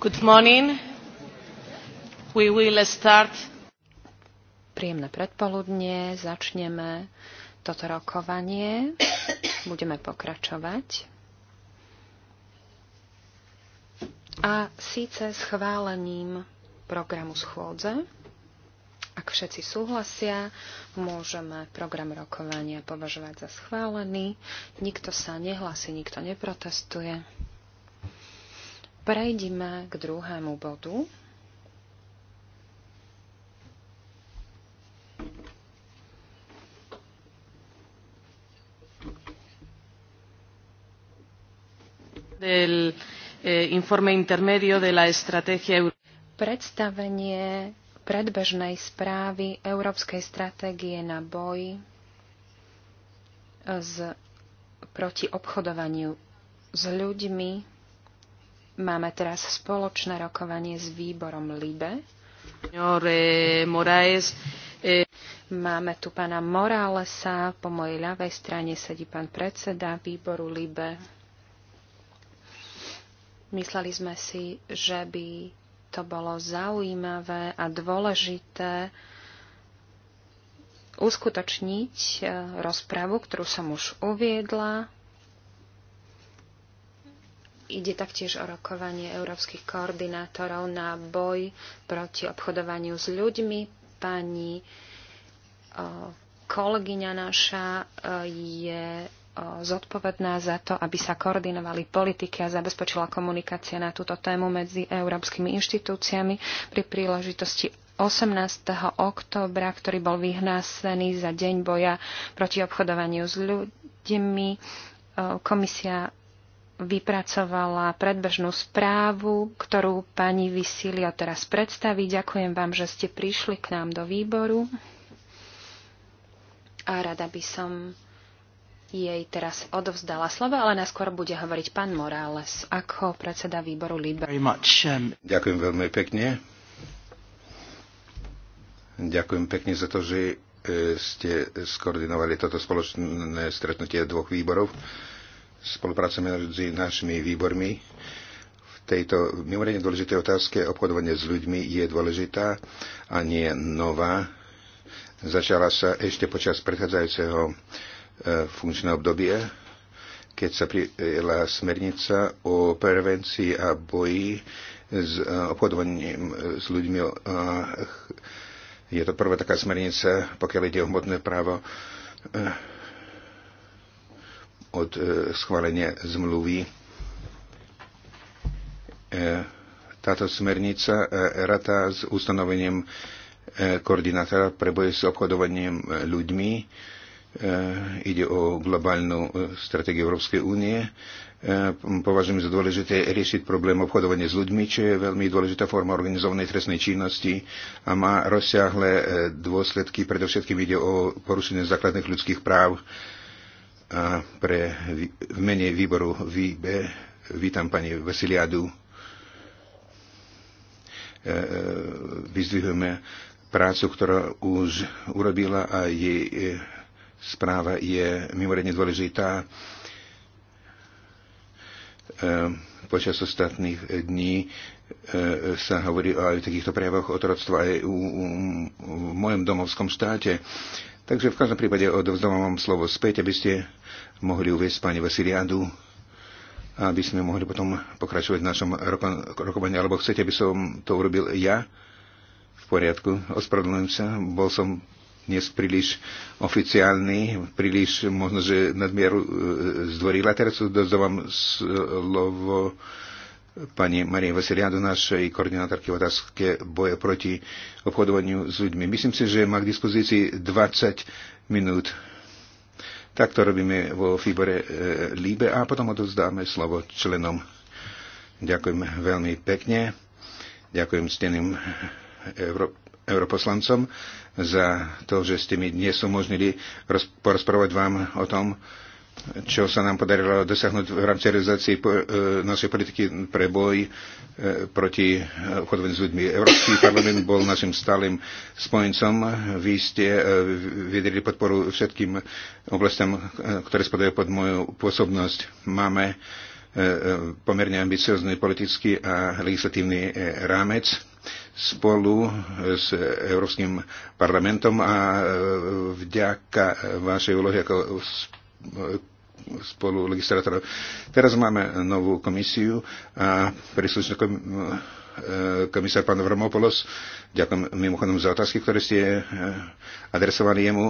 Good morning. We will start. Príjemné predpoludnie, začneme toto rokovanie. Budeme pokračovať. A síce schválením programu schôdze. Ak všetci súhlasia, môžeme program rokovania považovať za schválený. Nikto sa nehlási, nikto neprotestuje. Prejdime k druhému bodu. del eh, informe intermedio de la estrategia predstavenie predbežnej správy Európskej stratégie na boj z, proti obchodovaniu s ľuďmi Máme teraz spoločné rokovanie s výborom LIBE. Eh, eh. Máme tu pána Moralesa, po mojej ľavej strane sedí pán predseda výboru LIBE. Mysleli sme si, že by to bolo zaujímavé a dôležité uskutočniť eh, rozpravu, ktorú som už uviedla Ide taktiež o rokovanie európskych koordinátorov na boj proti obchodovaniu s ľuďmi. Pani kolegyňa naša je zodpovedná za to, aby sa koordinovali politiky a zabezpečila komunikácia na túto tému medzi európskymi inštitúciami pri príležitosti 18. októbra, ktorý bol vyhnásený za deň boja proti obchodovaniu s ľuďmi. Komisia vypracovala predbežnú správu, ktorú pani Vysilia teraz predstaví. Ďakujem vám, že ste prišli k nám do výboru a rada by som jej teraz odovzdala slovo, ale najskôr bude hovoriť pán Morales ako predseda výboru LIBE. Um, Ďakujem veľmi pekne. Ďakujem pekne za to, že e, ste skoordinovali toto spoločné stretnutie dvoch výborov spolupráca medzi našimi výbormi v tejto mimoriadne dôležitej otázke obchodovanie s ľuďmi je dôležitá a nie nová. Začala sa ešte počas predchádzajúceho e, funkčného obdobia, keď sa prijela smernica o prevencii a boji s e, obchodovaním e, s ľuďmi. Je to prvá taká smernica, pokiaľ ide o hmotné právo od e, schválenia zmluvy. E, táto smernica e, rata s ustanovením koordinátora pre boje s obchodovaním ľuďmi. Ide o globálnu stratégiu Európskej únie. Považujem za dôležité riešiť problém obchodovania s ľuďmi, čo je veľmi dôležitá forma organizovanej trestnej činnosti a má rozsiahle dôsledky. Predovšetkým ide o porušenie základných ľudských práv a pre, v mene výboru VB vítam pani Vasiliadu. E, e, vyzdvihujeme prácu, ktorá už urobila a jej e, správa je mimoriadne dôležitá. Počas ostatných dní sa hovorí aj o takýchto prejavoch otroctva aj v mojom domovskom štáte Takže v každom prípade odovzdávam vám slovo späť, aby ste mohli uviesť pani Vasiliadu, aby sme mohli potom pokračovať v našom rokovaní. Alebo chcete, aby som to urobil ja? V poriadku, ospravedlňujem sa. Bol som dnes príliš oficiálny, príliš možno, že nadmieru e, e, zdvorila. Teraz odovzdávam slovo pani Marie Vasiliadu, našej koordinátorky v otázke boje proti obchodovaniu s ľuďmi. Myslím si, že má k dispozícii 20 minút. Tak to robíme vo Fibore e, Líbe a potom odovzdáme slovo členom. Ďakujem veľmi pekne. Ďakujem steným Euró- europoslancom za to, že ste mi dnes umožnili porozprávať vám o tom, čo sa nám podarilo dosiahnuť v rámci realizácie e, našej politiky pre boj e, proti e, obchodovaniu s ľuďmi. Európsky parlament bol našim stálym spojencom. Vy ste vydrili podporu všetkým oblastiam, ktoré spadajú pod moju pôsobnosť. Máme pomerne ambiciozný politický a legislatívny rámec spolu s Európskym parlamentom a vďaka vašej úlohe ako E, spolu legislatorov. Teraz máme novú komisiu a príslušný kom, e, komisár pán Vromopoulos, ďakujem mimochodom za otázky, ktoré ste e, adresovali jemu,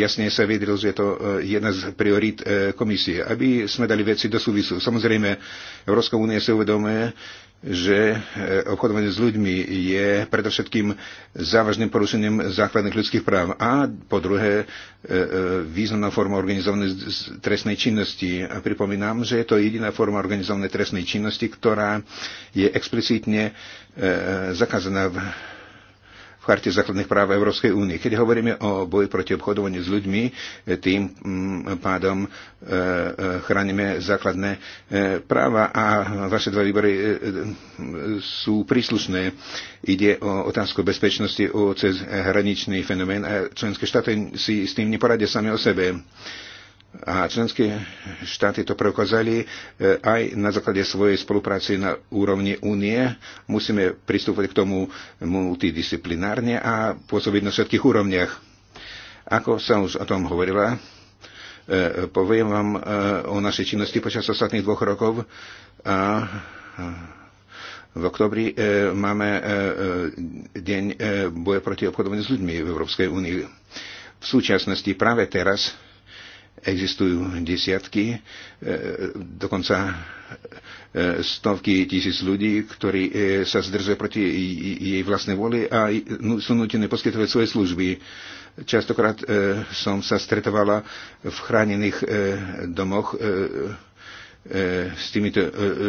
jasne sa vyjadril, že je to jedna z priorít komisie, aby sme dali veci do súvisu. Samozrejme, Európska únia si uvedomuje, že e, obchodovanie s ľuďmi je predovšetkým závažným porušením základných ľudských práv a po druhé e, e, významná forma organizovanej trestnej činnosti. A pripomínam, že je to jediná forma organizovanej trestnej činnosti, ktorá je explicitne zakázaná v v Charte základných práv Európskej únie. Keď hovoríme o boji proti obchodovaniu s ľuďmi, e, tým mm, pádom e, e, chránime základné práva a vaše dva výbory sú príslušné. Ide o otázku bezpečnosti, o cezhraničný fenomén a členské štáty si s tým neporadia sami o sebe. A členské štáty to preukázali e, aj na základe svojej spolupráce na úrovni únie. Musíme pristúpať k tomu multidisciplinárne a pôsobiť na všetkých úrovniach. Ako sa už o tom hovorila, e, poviem vám e, o našej činnosti počas ostatných dvoch rokov. A v oktobri máme deň boja proti obchodovaniu s ľuďmi v Európskej únii. V súčasnosti práve teraz Existujú desiatky, e, dokonca e, stovky tisíc ľudí, ktorí e, sa zdržujú proti jej vlastnej voli a sú nutené poskytovať svoje služby. Častokrát som sa stretovala v chránených domoch s týmito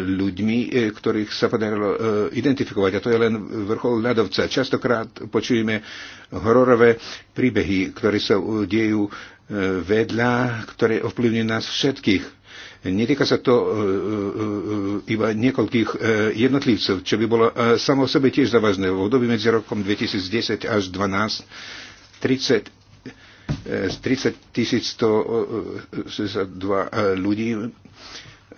ľuďmi, ktorých sa podarilo identifikovať. A to je len vrchol ľadovca. Častokrát počujeme hororové príbehy, ktoré sa dejú vedľa, ktoré ovplyvňujú nás všetkých. Netýka sa to e, e, e, iba niekoľkých jednotlivcov, čo by bolo samo o sebe tiež závažné. V období medzi rokom 2010 až 2012 30 z 30 162 ľudí,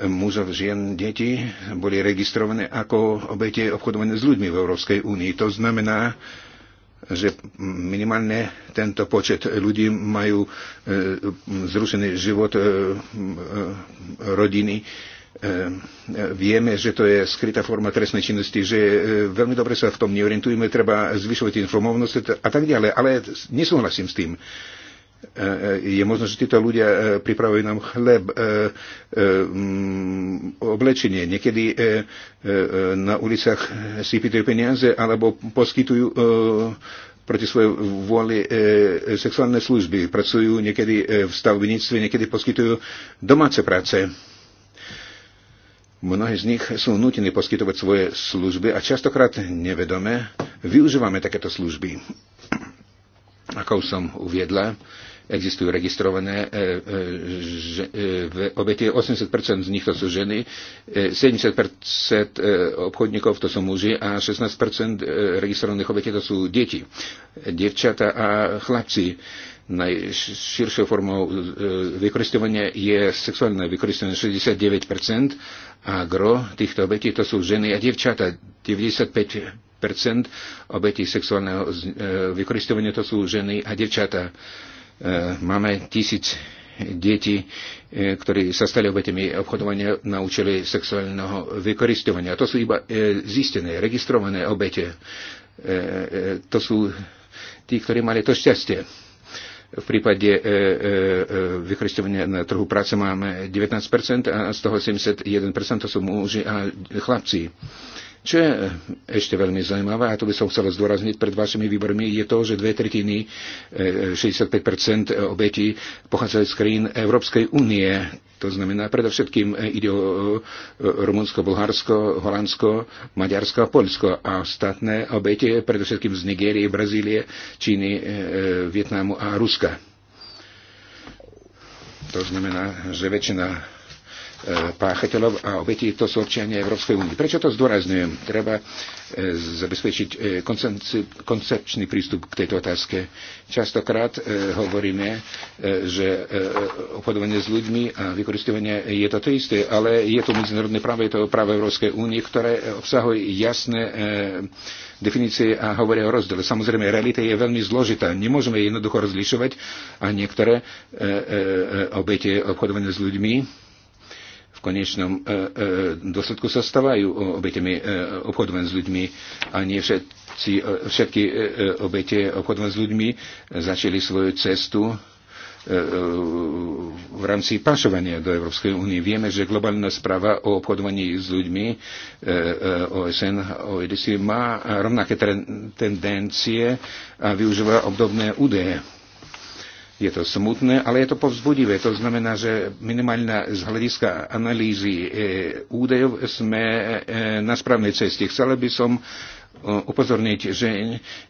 mužov, žien, deti, boli registrované ako obete obchodované s ľuďmi v Európskej únii. To znamená, že minimálne tento počet ľudí majú e, zrušený život e, e, rodiny. Vieme, že to je skrytá forma trestnej činnosti, že veľmi dobre sa v tom neorientujeme, treba zvyšovať informovnosť a tak ďalej. Ale nesúhlasím s tým. E, e, je možno, že títo ľudia e, pripravujú nám chleb, mm, oblečenie. Niekedy na uliciach si pýtajú peniaze alebo poskytujú proti svojej vôli sexuálne služby. Pracujú niekedy v stavbníctve, niekedy poskytujú domáce práce. Mnohí z nich sú nutení poskytovať svoje služby a častokrát nevedome využívame takéto služby. Ako som uviedla, existujú registrované e, e, e, obete. 80% z nich to sú ženy, 70% obchodníkov to sú muži a 16% registrovaných obete to sú deti, devčata a chlapci. Najširšou formou vykoristovania je sexuálne vykoristovanie 69% a gro týchto obetí to sú ženy a devčata 95% obetí sexuálneho vykoristovania to sú ženy a devčatá. E, máme tisíc detí, e, ktorí sa stali obetemi obchodovania na účely sexuálneho vykoristovania. To sú iba e, zistené, registrované obete. To sú tí, ktorí mali to šťastie. V prípade vykoristovania na trhu práce máme 19% a z toho 71% to sú muži a chlapci. Čo je eh, ešte veľmi zaujímavé, a to by som chcel zdôrazniť pred vašimi výbormi, je to, že dve tretiny, 65 eh, eh, obetí pochádzajú z krajín Európskej únie. To znamená, predovšetkým ide o Rumunsko, Bulharsko, Holandsko, Maďarsko a Polsko. A ostatné obete predovšetkým z Nigérie, Brazílie, Číny, Vietnamu a Ruska. To znamená, že väčšina E, páchateľov a obetí to sú občania Európskej únie. Prečo to zdôrazňujem? Treba e, zabezpečiť e, koncepčný prístup k tejto otázke. Častokrát hovoríme, že obchodovanie s ľuďmi a vykoristovanie je to to isté, ale je to medzinárodné právo, je to právo Európskej únie, ktoré obsahuje jasné definície a hovoria o rozdiele. Samozrejme, realita je veľmi zložitá. Nemôžeme jednoducho rozlišovať a niektoré e, e, obete obchodovania s ľuďmi konečnom e, e, dôsledku sa stávajú e, obetemi obchodovania s ľuďmi a nie všetci, všetky obete obchodovania s ľuďmi začali svoju cestu v rámci pašovania do Európskej únie. Vieme, že globálna správa o obchodovaní s ľuďmi OSN, OEDC má rovnaké tendencie a využíva obdobné údaje je to smutné, ale je to povzbudivé. To znamená, že minimálne z hľadiska analýzy eh, údajov sme eh, na správnej ceste. Chcela by som Eh, upozorniť, že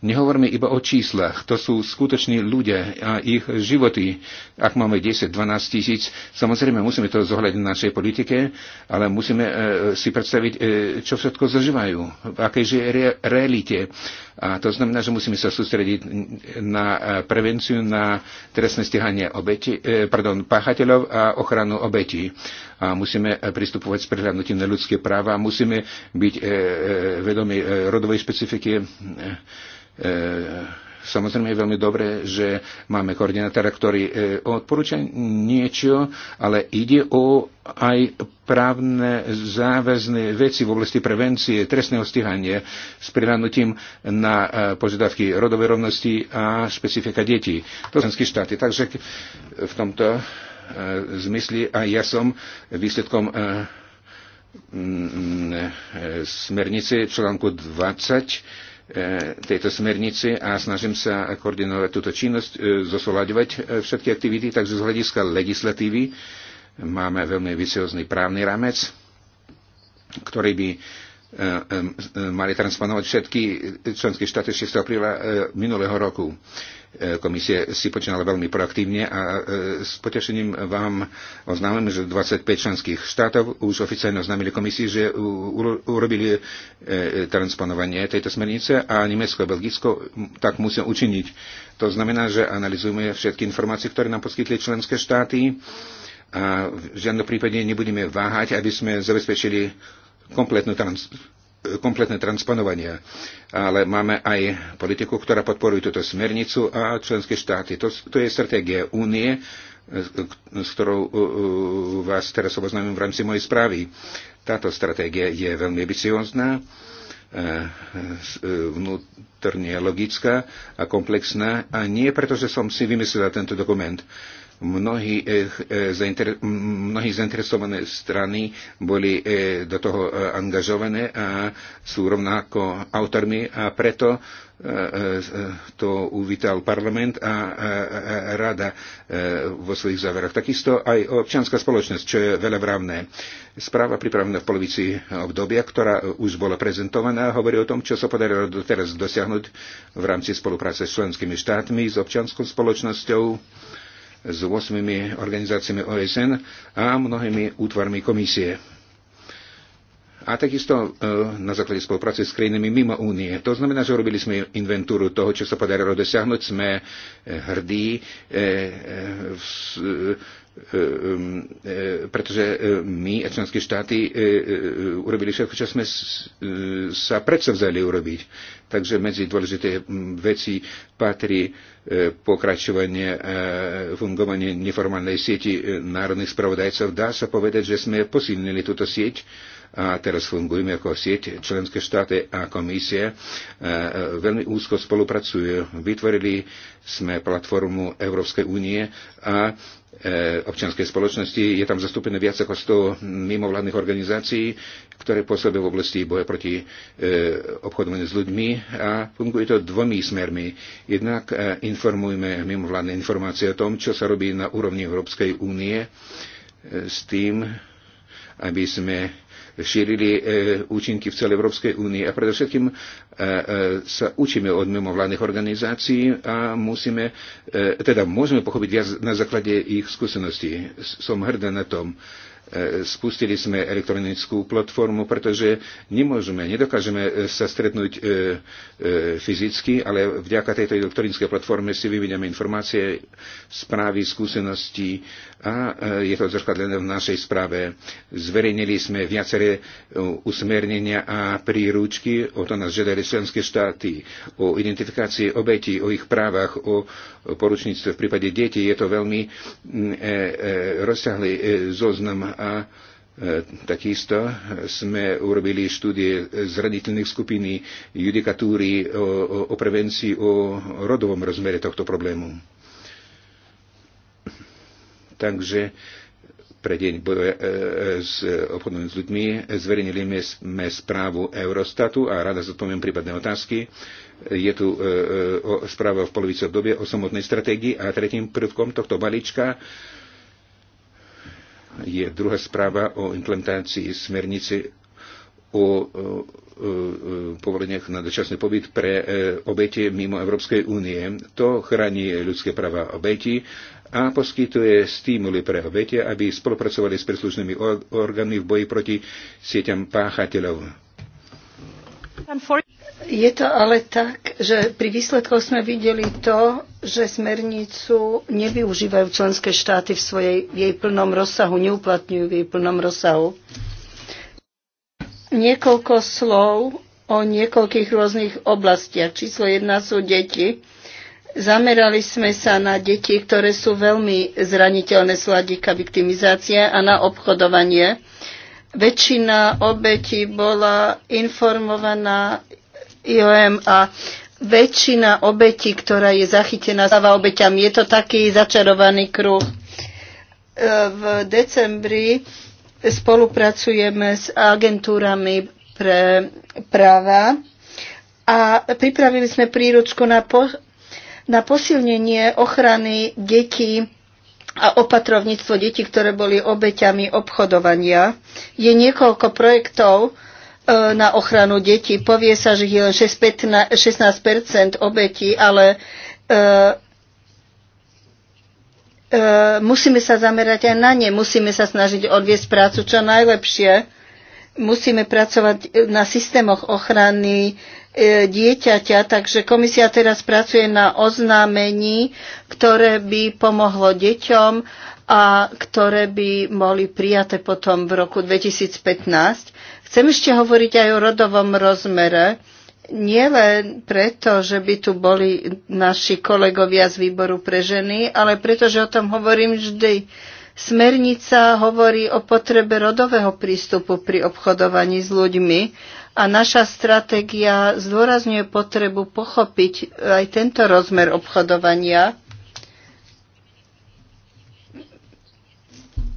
nehovoríme iba o číslach. To sú skutoční ľudia a ich životy. Ak máme 10-12 tisíc, samozrejme musíme to zohľadiť na našej politike, ale musíme eh, si predstaviť, eh, čo všetko zažívajú, v akejže re- realite. A to znamená, že musíme sa sústrediť na prevenciu, na trestné stíhanie obeti, pardon, páchateľov a ochranu obetí a musíme e, pristupovať s prehľadnutím na ľudské práva a musíme byť e, e, vedomi rodovej špecifiky. Samozrejme je veľmi dobré, že máme koordinátora, ktorý odporúča niečo, ale ide o aj právne záväzné veci v oblasti prevencie, trestného stíhania s prihľadnutím na požiadavky rodovej rovnosti a špecifika detí. To sú štáty. Takže v tomto E, zmysli a ja som výsledkom e, mm, e, smernice článku 20 tejto smernice a snažím sa koordinovať túto činnosť, zosolaďovať všetky aktivity, takže z hľadiska legislatívy máme veľmi vysiozný právny ramec, ktorý by mali transponovať všetky členské štáty 6. apríla minulého roku komisie si počínala veľmi proaktívne a e, s potešením vám oznámim, že 25 členských štátov už oficiálne oznámili komisii, že urobili e, transponovanie tejto smernice a Nemecko a Belgicko tak musia učiniť. To znamená, že analizujeme všetky informácie, ktoré nám poskytli členské štáty a v žiadnom prípade nebudeme váhať, aby sme zabezpečili kompletnú trans- kompletné transponovania. Ale máme aj politiku, ktorá podporuje túto smernicu a členské štáty. To, to je stratégia únie, s ktorou vás teraz oboznámim v rámci mojej správy. Táto stratégia je veľmi ambiciózna, e, e, vnútorne logická a komplexná a nie preto, že som si vymyslel tento dokument. Mnohí, eh, eh, zainter, mnohí zainteresované strany boli eh, do toho angažované a sú rovnako autormi a preto to uvítal parlament a rada vo svojich záveroch. Takisto aj občianská spoločnosť, čo je veľa vravné. Správa pripravená v polovici obdobia, ktorá už bola prezentovaná, hovorí o tom, čo sa podarilo doteraz dosiahnuť v rámci spolupráce s členskými štátmi, s občianskou spoločnosťou s 8 organizáciami OSN a mnohými útvarmi komisie. A takisto e, na základe spolupráce s krajinami mimo únie. To znamená, že robili sme inventúru toho, čo sa podarilo dosiahnuť. Sme e, hrdí e, E, um, e, pretože e, my a členské štáty urobili všetko, čo sme sa vzali urobiť. Takže medzi dôležité veci patrí pokračovanie fungovanie neformálnej sieti národných spravodajcov. Dá sa povedať, že sme posilnili túto sieť a teraz fungujeme ako sieť. Členské štáty a komisie e, veľmi úzko spolupracujú. Vytvorili sme platformu Európskej únie a e, občianskej spoločnosti. Je tam zastúpené viac ako 100 mimovládnych organizácií, ktoré pôsobia v oblasti boja proti e, obchodovaniu s ľuďmi a funguje to dvomi smermi. Jednak informujeme mimovládne informácie o tom, čo sa robí na úrovni Európskej únie s tým, aby sme šírili e, účinky v celej Európskej únii. A predovšetkým e, e, sa učíme od mimovládnych organizácií a musíme, teda môžeme pochopiť viac na základe ich skúseností. Som hrdá na tom, E, spustili sme elektronickú platformu, pretože nemôžeme, nedokážeme e, sa stretnúť e, fyzicky, ale vďaka tejto elektronickej platforme si vyviniame informácie, správy, skúsenosti a je to zrkadlené v našej správe. Zverejnili sme viaceré usmernenia a príručky, o to nás žiadali členské štáty, o identifikácii obetí, o ich právach, o poručníctve v prípade detí. Je to veľmi mm, rozsiahly zoznam a e, Takisto sme urobili štúdie zraniteľných skupín judikatúry o, o, o prevencii, o rodovom rozmere tohto problému. Takže pre deň boja e, s obchodnými s ľuďmi zverejnili sme správu Eurostatu a rada zodpoviem prípadné otázky. Je tu e, správa v polovici obdobie o samotnej stratégii a tretím prvkom tohto balíčka je druhá správa o implementácii smernici o povoleniach na dočasný pobyt pre e, obete mimo Európskej únie. To chráni ľudské práva obeti a poskytuje stimuly pre obete, aby spolupracovali s príslušnými orgánmi v boji proti sieťam páchateľov. Je to ale tak, že pri výsledkoch sme videli to, že smernicu nevyužívajú členské štáty v svojej, v jej plnom rozsahu, neuplatňujú v jej plnom rozsahu. Niekoľko slov o niekoľkých rôznych oblastiach. Číslo jedna sú deti. Zamerali sme sa na deti, ktoré sú veľmi zraniteľné z hľadiska viktimizácie a na obchodovanie. Väčšina obetí bola informovaná IOM a väčšina obetí, ktorá je zachytená, stáva obeťami. Je to taký začarovaný kruh. E, v decembri spolupracujeme s agentúrami pre práva a pripravili sme príručku na, po, na posilnenie ochrany detí a opatrovníctvo detí, ktoré boli obeťami obchodovania. Je niekoľko projektov, E, na ochranu detí. Povie sa, že je len 16 obetí, ale e, e, musíme sa zamerať aj na ne. Musíme sa snažiť odviesť prácu čo najlepšie. Musíme pracovať na systémoch ochrany dieťaťa, takže komisia teraz pracuje na oznámení, ktoré by pomohlo deťom a ktoré by boli prijaté potom v roku 2015. Chcem ešte hovoriť aj o rodovom rozmere. Nie len preto, že by tu boli naši kolegovia z výboru pre ženy, ale preto, že o tom hovorím vždy. Smernica hovorí o potrebe rodového prístupu pri obchodovaní s ľuďmi a naša stratégia zdôrazňuje potrebu pochopiť aj tento rozmer obchodovania.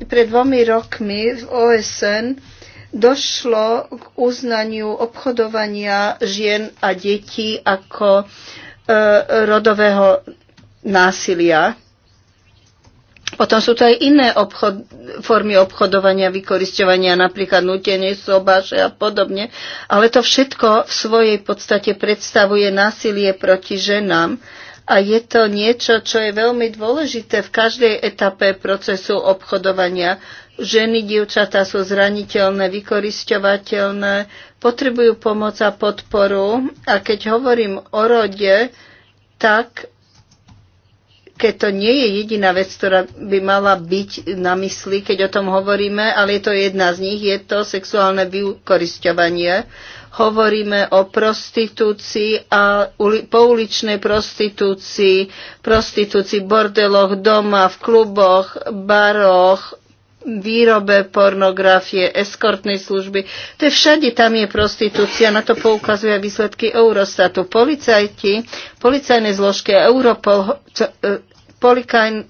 Pred dvomi rokmi v OSN došlo k uznaniu obchodovania žien a detí ako e, rodového násilia. Potom sú to aj iné obchod, formy obchodovania, vykoristovania, napríklad nutenie sobáše a podobne, ale to všetko v svojej podstate predstavuje násilie proti ženám. E, a je to niečo, čo je veľmi dôležité v každej etape procesu obchodovania. Ženy, dievčatá sú zraniteľné, vykorisťovateľné, potrebujú pomoc a podporu. A keď hovorím o rode, tak keď to nie je jediná vec, ktorá by mala byť na mysli, keď o tom hovoríme, ale je to jedna z nich, je to sexuálne vykorisťovanie. Hovoríme o prostitúcii a pouličnej prostitúcii, prostitúcii bordeloch doma, v kluboch, baroch, výrobe pornografie, eskortnej služby. To je všade, tam je prostitúcia, na to poukazuje výsledky Eurostatu. Policajti, policajné zložky a Europol e,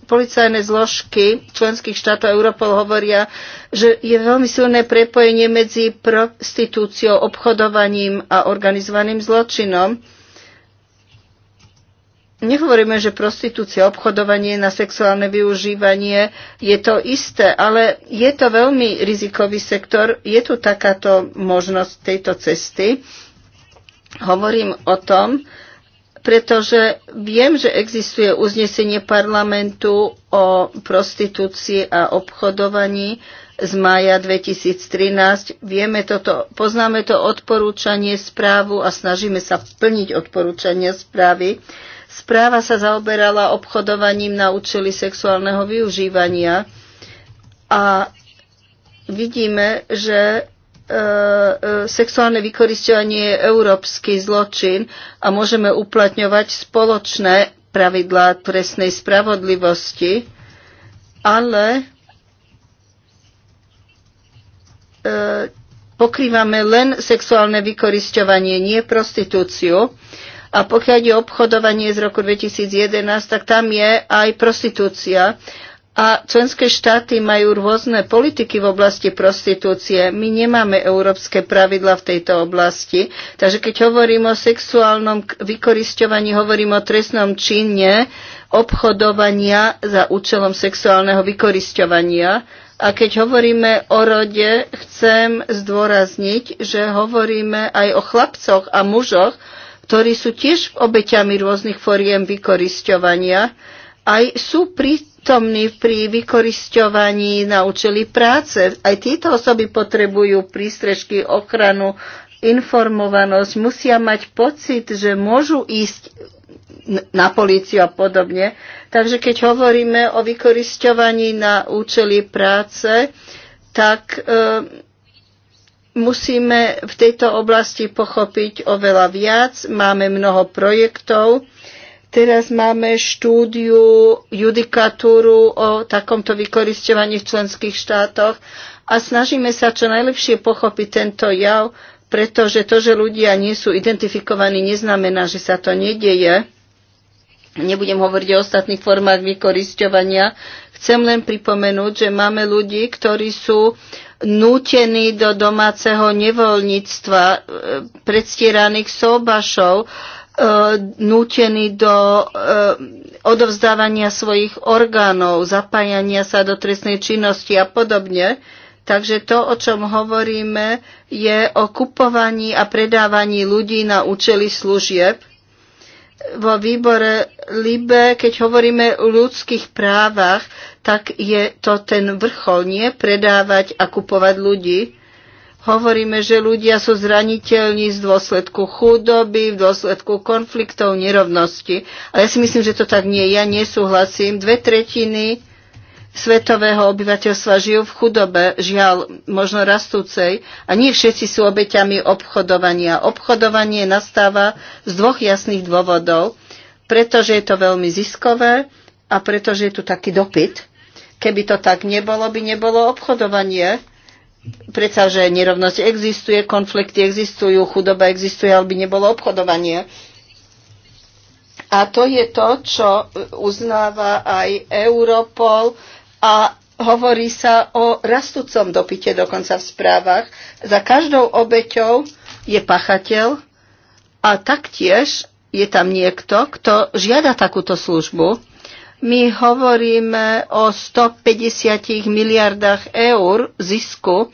policajné zložky členských štátov Europol hovoria, že je veľmi silné prepojenie medzi prostitúciou, obchodovaním a organizovaným zločinom. Nehovoríme, že prostitúcia, obchodovanie na sexuálne využívanie je to isté, ale je to veľmi rizikový sektor. Je tu takáto možnosť tejto cesty. Hovorím o tom, pretože viem, že existuje uznesenie parlamentu o prostitúcii a obchodovaní z mája 2013. Vieme toto, poznáme to odporúčanie správu a snažíme sa plniť odporúčania správy. Správa sa zaoberala obchodovaním na účely sexuálneho využívania a vidíme, že E, e, sexuálne vykoristovanie je európsky zločin a môžeme uplatňovať spoločné pravidlá trestnej spravodlivosti, ale e, pokrývame len sexuálne vykorisťovanie, nie prostitúciu. A pokiaľ je obchodovanie z roku 2011, tak tam je aj prostitúcia. A členské štáty majú rôzne politiky v oblasti prostitúcie. My nemáme európske pravidla v tejto oblasti. Takže keď hovorím o sexuálnom vykoristovaní, hovorím o trestnom čine obchodovania za účelom sexuálneho vykoristovania. A keď hovoríme o rode, chcem zdôrazniť, že hovoríme aj o chlapcoch a mužoch, ktorí sú tiež obeťami rôznych foriem vykoristovania, aj sú pri prítomní pri vykorisťovaní na účely práce. Aj títo osoby potrebujú prístrežky, ochranu, informovanosť, musia mať pocit, že môžu ísť na políciu a podobne. Takže keď hovoríme o vykorisťovaní na účely práce, tak e, musíme v tejto oblasti pochopiť oveľa viac. Máme mnoho projektov, Teraz máme štúdiu, judikatúru o takomto vykoristovaní v členských štátoch a snažíme sa čo najlepšie pochopiť tento jav, pretože to, že ľudia nie sú identifikovaní, neznamená, že sa to nedieje. Nebudem hovoriť o ostatných formách vykoristovania. Chcem len pripomenúť, že máme ľudí, ktorí sú nútení do domáceho nevoľníctva, e, predstieraných sobašov, E, nútení do e, odovzdávania svojich orgánov, zapájania sa do trestnej činnosti a podobne. Takže to, o čom hovoríme, je o kupovaní a predávaní ľudí na účely služieb. Vo výbore Libe, keď hovoríme o ľudských právach, tak je to ten vrchol, nie predávať a kupovať ľudí. Hovoríme, že ľudia sú zraniteľní z dôsledku chudoby, v dôsledku konfliktov, nerovnosti. Ale ja si myslím, že to tak nie. Ja nesúhlasím. Dve tretiny svetového obyvateľstva žijú v chudobe, žiaľ, možno rastúcej. A nie všetci sú obeťami obchodovania. Obchodovanie nastáva z dvoch jasných dôvodov. Pretože je to veľmi ziskové a pretože je tu taký dopyt. Keby to tak nebolo, by nebolo obchodovanie predsa, že nerovnosť existuje, konflikty existujú, chudoba existuje, ale by nebolo obchodovanie. A to je to, čo uznáva aj Europol a hovorí sa o rastúcom dopite dokonca v správach. Za každou obeťou je pachateľ a taktiež je tam niekto, kto žiada takúto službu my hovoríme o 150 miliardách eur zisku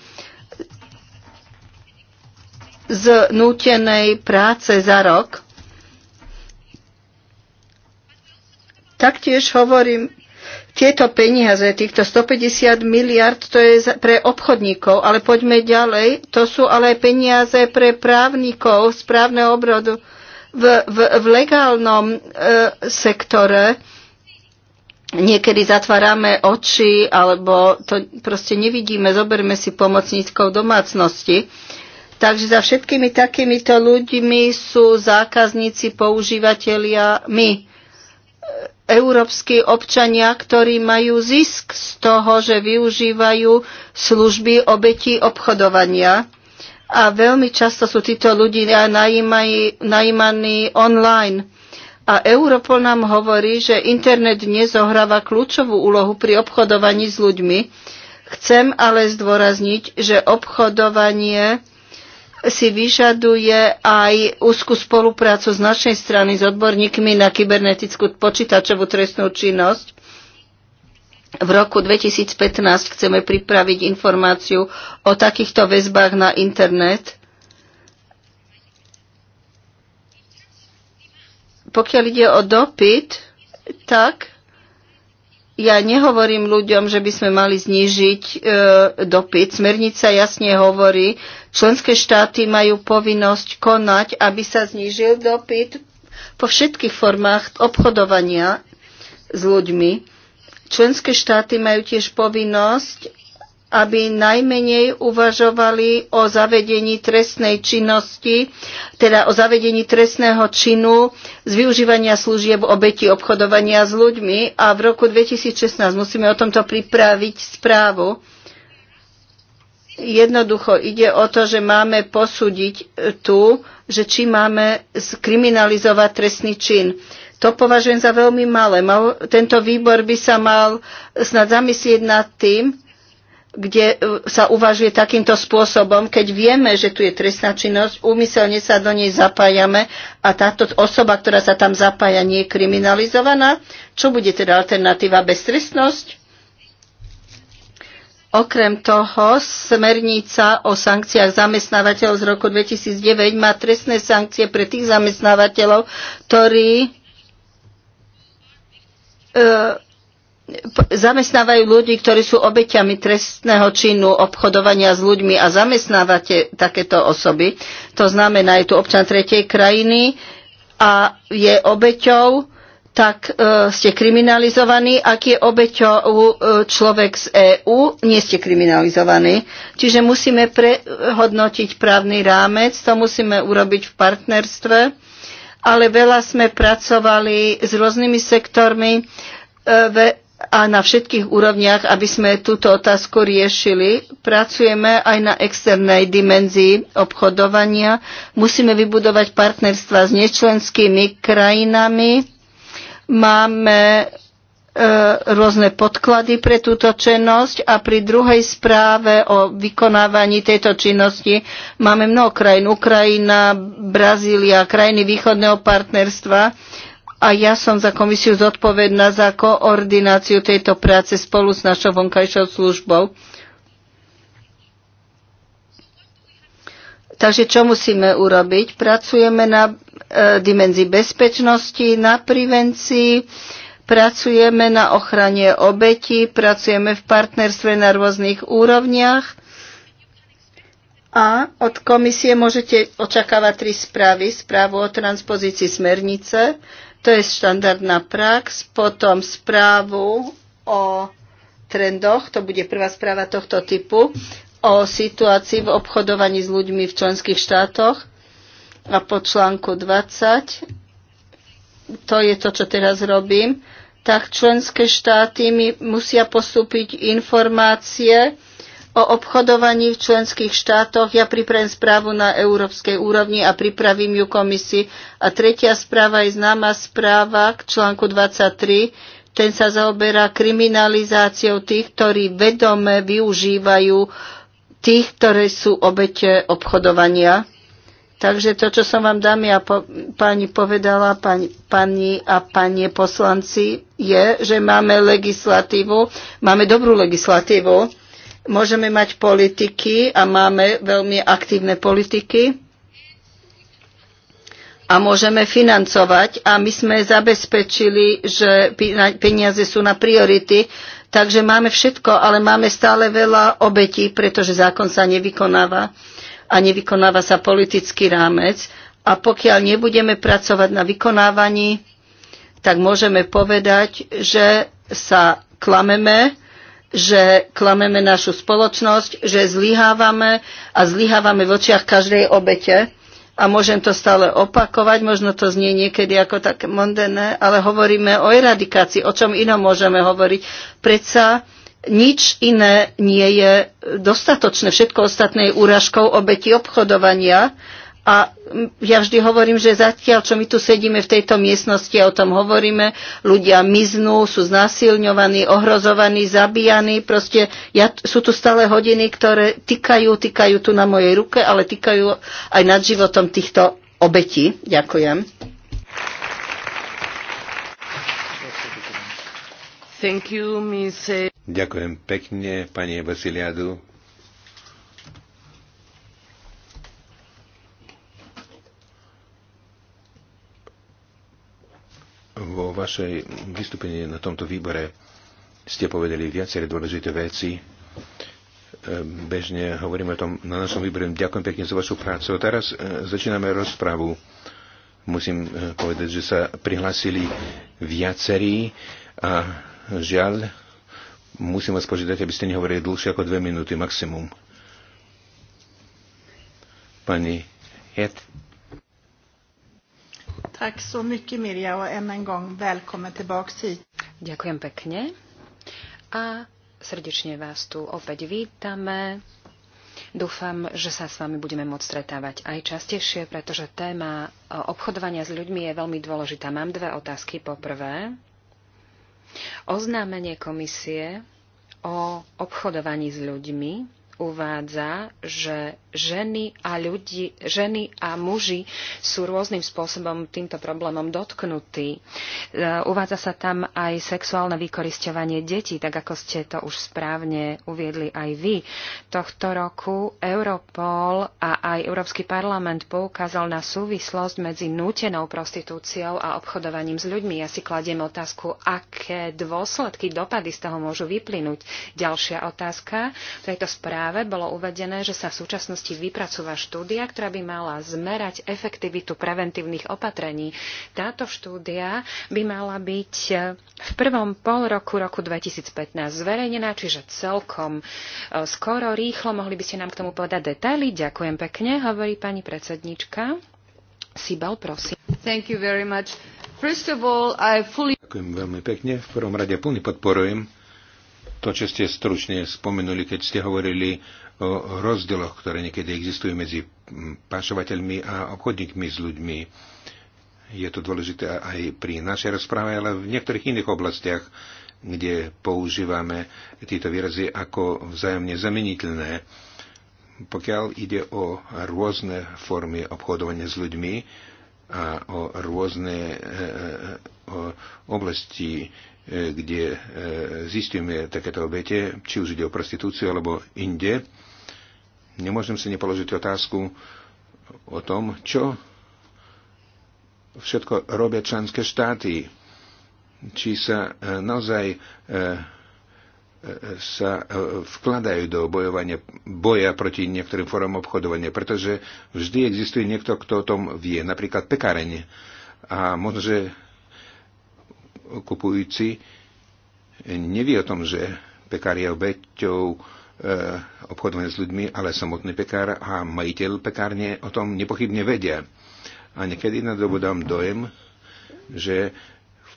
z nútenej práce za rok. Taktiež hovorím, tieto peniaze, týchto 150 miliard, to je pre obchodníkov, ale poďme ďalej, to sú ale peniaze pre právnikov správneho obrodu v, v, v legálnom e, sektore niekedy zatvárame oči alebo to proste nevidíme, zoberme si pomocníckov domácnosti. Takže za všetkými takýmito ľuďmi sú zákazníci, používateľia my, európsky občania, ktorí majú zisk z toho, že využívajú služby obetí obchodovania. A veľmi často sú títo ľudia najímaní online a Europol nám hovorí, že internet dnes zohráva kľúčovú úlohu pri obchodovaní s ľuďmi. Chcem ale zdôrazniť, že obchodovanie si vyžaduje aj úzku spoluprácu z našej strany s odborníkmi na kybernetickú počítačovú trestnú činnosť. V roku 2015 chceme pripraviť informáciu o takýchto väzbách na internet Pokiaľ ide o dopyt, tak ja nehovorím ľuďom, že by sme mali znížiť e, dopyt. Smernica jasne hovorí, členské štáty majú povinnosť konať, aby sa znížil dopyt po všetkých formách obchodovania s ľuďmi. Členské štáty majú tiež povinnosť aby najmenej uvažovali o zavedení trestnej činnosti, teda o zavedení trestného činu z využívania služieb obeti obchodovania s ľuďmi a v roku 2016 musíme o tomto pripraviť správu. Jednoducho ide o to, že máme posúdiť tu, že či máme skriminalizovať trestný čin. To považujem za veľmi malé. tento výbor by sa mal snad zamyslieť nad tým, kde e, sa uvažuje takýmto spôsobom, keď vieme, že tu je trestná činnosť, úmyselne sa do nej zapájame a táto osoba, ktorá sa tam zapája, nie je kriminalizovaná. Čo bude teda alternatíva beztrestnosť? Okrem toho, smernica o sankciách zamestnávateľov z roku 2009 má trestné sankcie pre tých zamestnávateľov, ktorí uh, zamestnávajú ľudí, ktorí sú obeťami trestného činu obchodovania s ľuďmi a zamestnávate takéto osoby. To znamená, je tu občan tretej krajiny a je obeťou, tak e, ste kriminalizovaní. Ak je obeťou e, človek z EÚ, nie ste kriminalizovaní. Čiže musíme prehodnotiť právny rámec, to musíme urobiť v partnerstve, ale veľa sme pracovali s rôznymi sektormi, e, ve, a na všetkých úrovniach, aby sme túto otázku riešili. Pracujeme aj na externej dimenzii obchodovania. Musíme vybudovať partnerstva s nečlenskými krajinami. Máme e, rôzne podklady pre túto činnosť a pri druhej správe o vykonávaní tejto činnosti máme mnoho krajín. Ukrajina, Brazília, krajiny východného partnerstva a ja som za komisiu zodpovedná za koordináciu tejto práce spolu s našou vonkajšou službou. Takže čo musíme urobiť? Pracujeme na e, dimenzii bezpečnosti, na prevencii, pracujeme na ochrane obetí, pracujeme v partnerstve na rôznych úrovniach a od komisie môžete očakávať tri správy. Správu o transpozícii smernice, to je štandardná prax. Potom správu o trendoch, to bude prvá správa tohto typu, o situácii v obchodovaní s ľuďmi v členských štátoch a po článku 20, to je to, čo teraz robím, tak členské štáty mi musia postúpiť informácie, o obchodovaní v členských štátoch. Ja pripravím správu na európskej úrovni a pripravím ju komisii. A tretia správa je známa správa k článku 23. Ten sa zaoberá kriminalizáciou tých, ktorí vedome využívajú tých, ktoré sú obete obchodovania. Takže to, čo som vám, dámy a po, páni, povedala, pani, pani a panie poslanci, je, že máme legislatívu, máme dobrú legislatívu, Môžeme mať politiky a máme veľmi aktívne politiky a môžeme financovať a my sme zabezpečili, že peniaze sú na priority, takže máme všetko, ale máme stále veľa obetí, pretože zákon sa nevykonáva a nevykonáva sa politický rámec a pokiaľ nebudeme pracovať na vykonávaní, tak môžeme povedať, že sa klameme že klameme našu spoločnosť, že zlyhávame a zlyhávame v očiach každej obete. A môžem to stále opakovať, možno to znie niekedy ako také mondené, ale hovoríme o eradikácii, o čom inom môžeme hovoriť. Predsa nič iné nie je dostatočné, všetko ostatné je úražkou obeti obchodovania. A ja vždy hovorím, že zatiaľ, čo my tu sedíme v tejto miestnosti a o tom hovoríme, ľudia miznú, sú znásilňovaní, ohrozovaní, zabíjani. Proste ja, sú tu stále hodiny, ktoré týkajú, týkajú tu na mojej ruke, ale týkajú aj nad životom týchto obetí. Ďakujem. Thank you, Ďakujem pekne, pani Vasiliadu. vo vašej vystúpení na tomto výbore ste povedali viaceré dôležité veci. E, bežne hovoríme o tom na našom výbore. Ďakujem pekne za vašu prácu. A teraz e, začíname rozpravu. Musím e, povedať, že sa prihlásili viacerí a žiaľ, musím vás požiadať, aby ste nehovorili dlhšie ako dve minúty maximum. Pani Het Tack så mycket Mirja och än en gång välkommen hit. Ďakujem pekne. A srdečne vás tu opäť vítame. Dúfam, že sa s vami budeme môcť stretávať aj častejšie, pretože téma e, obchodovania s ľuďmi je veľmi dôležitá. Mám dve otázky. Po prvé, oznámenie komisie o obchodovaní s ľuďmi uvádza, že ženy a, ľudí, ženy a muži sú rôznym spôsobom týmto problémom dotknutí. E, uvádza sa tam aj sexuálne vykorisťovanie detí, tak ako ste to už správne uviedli aj vy. Tohto roku Europol a aj Európsky parlament poukázal na súvislosť medzi nútenou prostitúciou a obchodovaním s ľuďmi. Ja si kladiem otázku, aké dôsledky, dopady z toho môžu vyplynúť. Ďalšia otázka to je to správne správe bolo uvedené, že sa v súčasnosti vypracúva štúdia, ktorá by mala zmerať efektivitu preventívnych opatrení. Táto štúdia by mala byť e, v prvom pol roku roku 2015 zverejnená, čiže celkom e, skoro, rýchlo. Mohli by ste nám k tomu povedať detaily? Ďakujem pekne, hovorí pani predsednička. Sibel, prosím. Thank you very much. First of all, I fully... Ďakujem veľmi pekne. V prvom rade plne podporujem to, čo ste stručne spomenuli, keď ste hovorili o rozdieloch, ktoré niekedy existujú medzi pašovateľmi a obchodníkmi s ľuďmi. Je to dôležité aj pri našej rozprave, ale v niektorých iných oblastiach, kde používame tieto výrazy ako vzájomne zameniteľné. Pokiaľ ide o rôzne formy obchodovania s ľuďmi a o rôzne e, e, e o oblasti E, kde e, zistíme takéto obete, či už ide o prostitúciu alebo inde, nemôžem si nepoložiť otázku o tom, čo všetko robia členské štáty. Či sa e, naozaj sa vkladajú do bojovania, boja proti niektorým formám obchodovania, pretože vždy existuje niekto, kto o tom vie, napríklad pekáreň. A možno, že kupujúci nevie o tom, že pekár je obeťou e, obchodovania s ľuďmi, ale samotný pekár a majiteľ pekárne o tom nepochybne vedia. A niekedy nadobudám dojem, že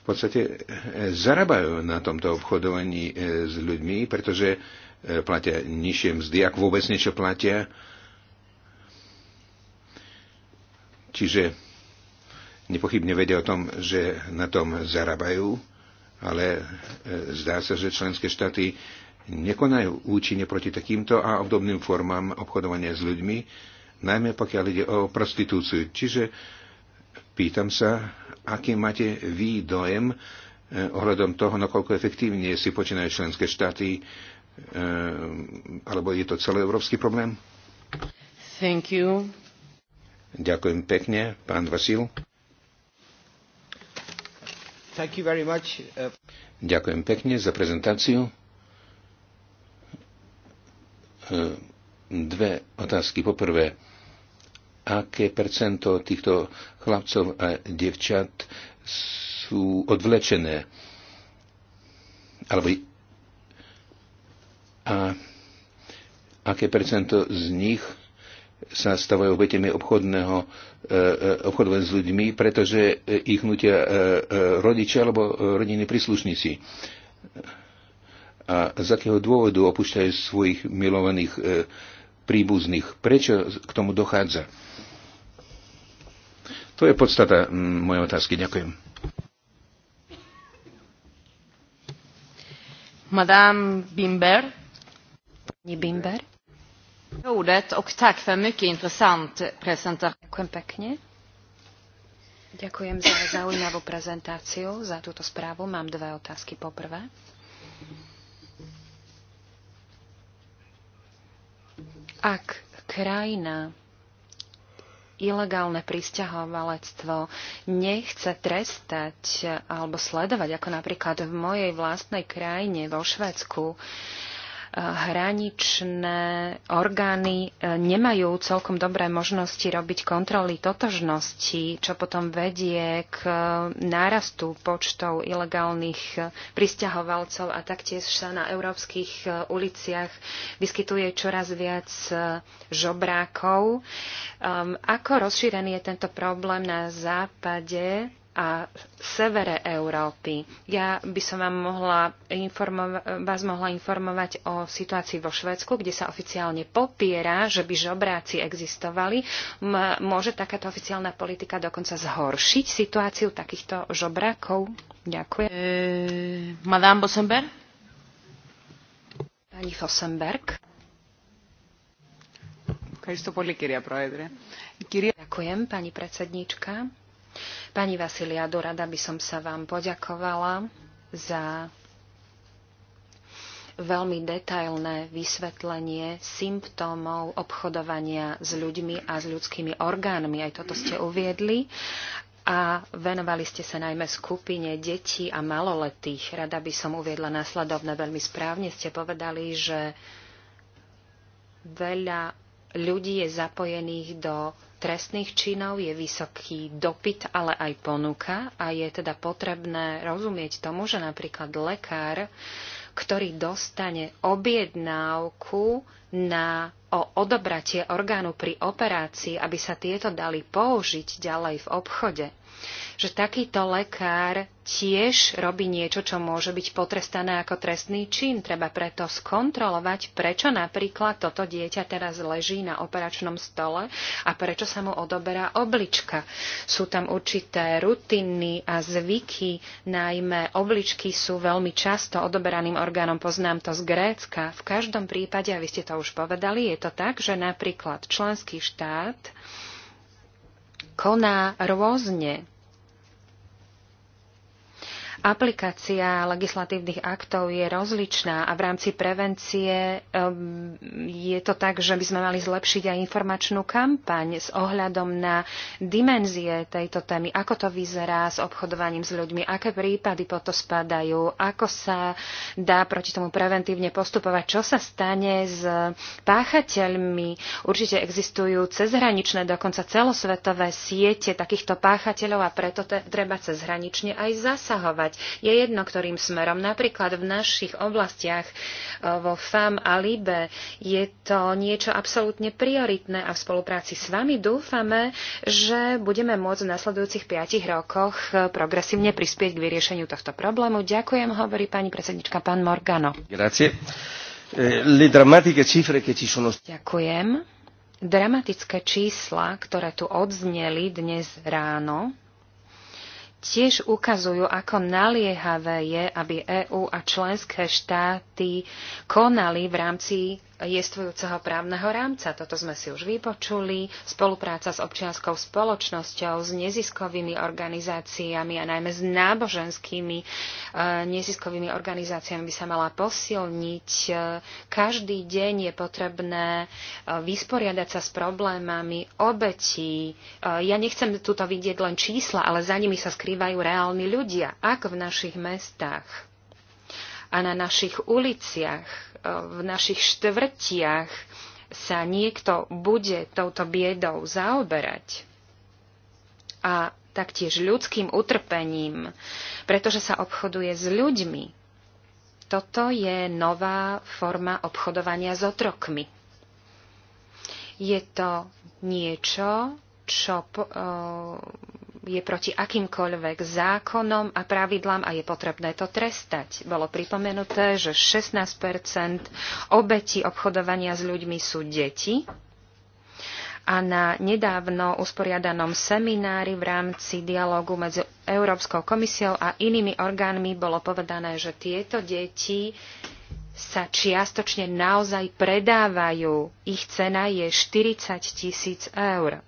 v podstate e, zarábajú na tomto obchodovaní e, s ľuďmi, pretože platia nižšie mzdy, ak vôbec niečo platia. Čiže nepochybne vedia o tom, že na tom zarábajú, ale e, zdá sa, že členské štáty nekonajú účinne proti takýmto a obdobným formám obchodovania s ľuďmi, najmä pokiaľ ide o prostitúciu. Čiže pýtam sa, aký máte vy dojem e, ohľadom toho, nakoľko efektívne si počínajú členské štáty, e, alebo je to celoeurópsky problém? Thank you. Ďakujem pekne, pán Vasil. Thank you very much. Uh, Ďakujem pekne za prezentáciu. E, dve otázky. Poprvé, aké percento týchto chlapcov a devčat sú odvlečené? Alebo a aké percento z nich sa stavajú obetemi obchodného, e, e, obchodovania s ľuďmi, pretože e, ich nutia rodičia alebo rodinní príslušníci. A z akého dôvodu opúšťajú svojich milovaných príbuzných? Prečo k tomu dochádza? To je podstata mojej otázky. Ďakujem. Madame Bimber. Pani Bimber. Ďakujem pekne. Ďakujem za zaujímavú prezentáciu, za túto správu. Mám dve otázky. Poprvé, ak krajina ilegálne pristahovalectvo nechce trestať alebo sledovať, ako napríklad v mojej vlastnej krajine, vo Švedsku, hraničné orgány e, nemajú celkom dobré možnosti robiť kontroly totožnosti, čo potom vedie k e, nárastu počtov ilegálnych e, pristahovalcov a taktiež sa na európskych uliciach vyskytuje čoraz viac žobrákov. Ehm, ako rozšírený je tento problém na západe? a severe Európy. Ja by som vám mohla vás mohla informovať o situácii vo Švedsku, kde sa oficiálne popiera, že by žobráci existovali. M- môže takáto oficiálna politika dokonca zhoršiť situáciu takýchto žobrákov? Ďakujem. E, Madame Bosenberg? Pani Fosenberg. Ďakujem, pani predsedníčka. Pani Vasilia, rada by som sa vám poďakovala za veľmi detailné vysvetlenie symptómov obchodovania s ľuďmi a s ľudskými orgánmi. Aj toto ste uviedli. A venovali ste sa najmä skupine detí a maloletých. Rada by som uviedla následovne. Veľmi správne ste povedali, že veľa ľudí je zapojených do trestných činov je vysoký dopyt, ale aj ponuka a je teda potrebné rozumieť tomu, že napríklad lekár, ktorý dostane objednávku na o odobratie orgánu pri operácii, aby sa tieto dali použiť ďalej v obchode, že takýto lekár tiež robí niečo, čo môže byť potrestané ako trestný čin. Treba preto skontrolovať, prečo napríklad toto dieťa teraz leží na operačnom stole a prečo sa mu odoberá oblička. Sú tam určité rutiny a zvyky, najmä obličky sú veľmi často odoberaným orgánom, poznám to z Grécka. V každom prípade, a vy ste to už povedali, je to tak, že napríklad členský štát koná rôzne. Aplikácia legislatívnych aktov je rozličná a v rámci prevencie je to tak, že by sme mali zlepšiť aj informačnú kampaň s ohľadom na dimenzie tejto témy, ako to vyzerá s obchodovaním s ľuďmi, aké prípady po to spadajú, ako sa dá proti tomu preventívne postupovať, čo sa stane s páchateľmi. Určite existujú cezhraničné, dokonca celosvetové siete takýchto páchateľov a preto treba cezhranične aj zasahovať je jedno, ktorým smerom. Napríklad v našich oblastiach e, vo FAM a LIBE je to niečo absolútne prioritné a v spolupráci s vami dúfame, že budeme môcť v nasledujúcich piatich rokoch e, progresívne prispieť k vyriešeniu tohto problému. Ďakujem, hovorí pani predsednička, pán Morgano. Grazie. E, le drammatiche cifre che ci sono... Ďakujem. Dramatické čísla, ktoré tu odzneli dnes ráno, tiež ukazujú, ako naliehavé je, aby EÚ a členské štáty konali v rámci jestvujúceho právneho rámca. Toto sme si už vypočuli. Spolupráca s občianskou spoločnosťou, s neziskovými organizáciami a najmä s náboženskými e, neziskovými organizáciami by sa mala posilniť. E, každý deň je potrebné e, vysporiadať sa s problémami obetí. Ja nechcem tuto vidieť len čísla, ale za nimi sa skrývajú reálni ľudia, ak v našich mestách a na našich uliciach, e, v našich štvrtiach sa niekto bude touto biedou zaoberať a taktiež ľudským utrpením, pretože sa obchoduje s ľuďmi. Toto je nová forma obchodovania s otrokmi. Je to niečo, čo po, e, je proti akýmkoľvek zákonom a pravidlám a je potrebné to trestať. Bolo pripomenuté, že 16 obetí obchodovania s ľuďmi sú deti a na nedávno usporiadanom seminári v rámci dialogu medzi Európskou komisiou a inými orgánmi bolo povedané, že tieto deti sa čiastočne naozaj predávajú. Ich cena je 40 tisíc eur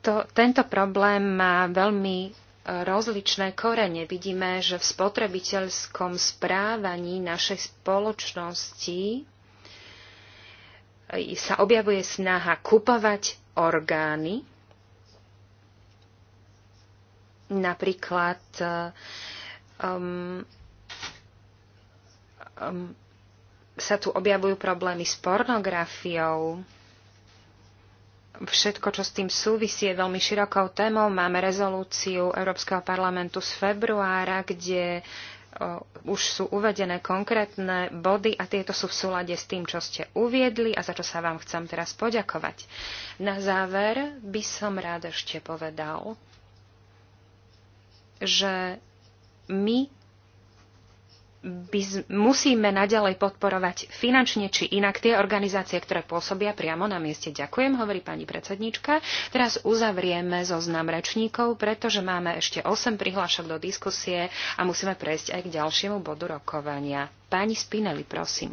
to, tento problém má veľmi e, rozličné korene. Vidíme, že v spotrebiteľskom správaní našej spoločnosti e, sa objavuje snaha kupovať orgány, napríklad e, um, um, sa tu objavujú problémy s pornografiou, všetko, čo s tým súvisí, je veľmi širokou témou. Máme rezolúciu Európskeho parlamentu z februára, kde už sú uvedené konkrétne body a tieto sú v súlade s tým, čo ste uviedli a za čo sa vám chcem teraz poďakovať. Na záver by som rád ešte povedal, že my by z, musíme naďalej podporovať finančne či inak tie organizácie, ktoré pôsobia priamo na mieste. Ďakujem, hovorí pani predsednička. Teraz uzavrieme zoznam rečníkov, pretože máme ešte 8 prihlášok do diskusie a musíme prejsť aj k ďalšiemu bodu rokovania. Pani Spinelli, prosím.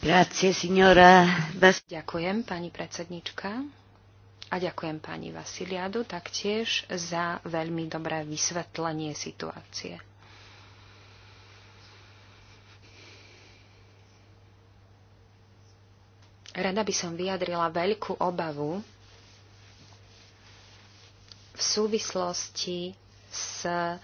Grazie, signora. Ďakujem, pani predsednička. A ďakujem pani Vasiliadu taktiež za veľmi dobré vysvetlenie situácie. Rada by som vyjadrila veľkú obavu v súvislosti s eh,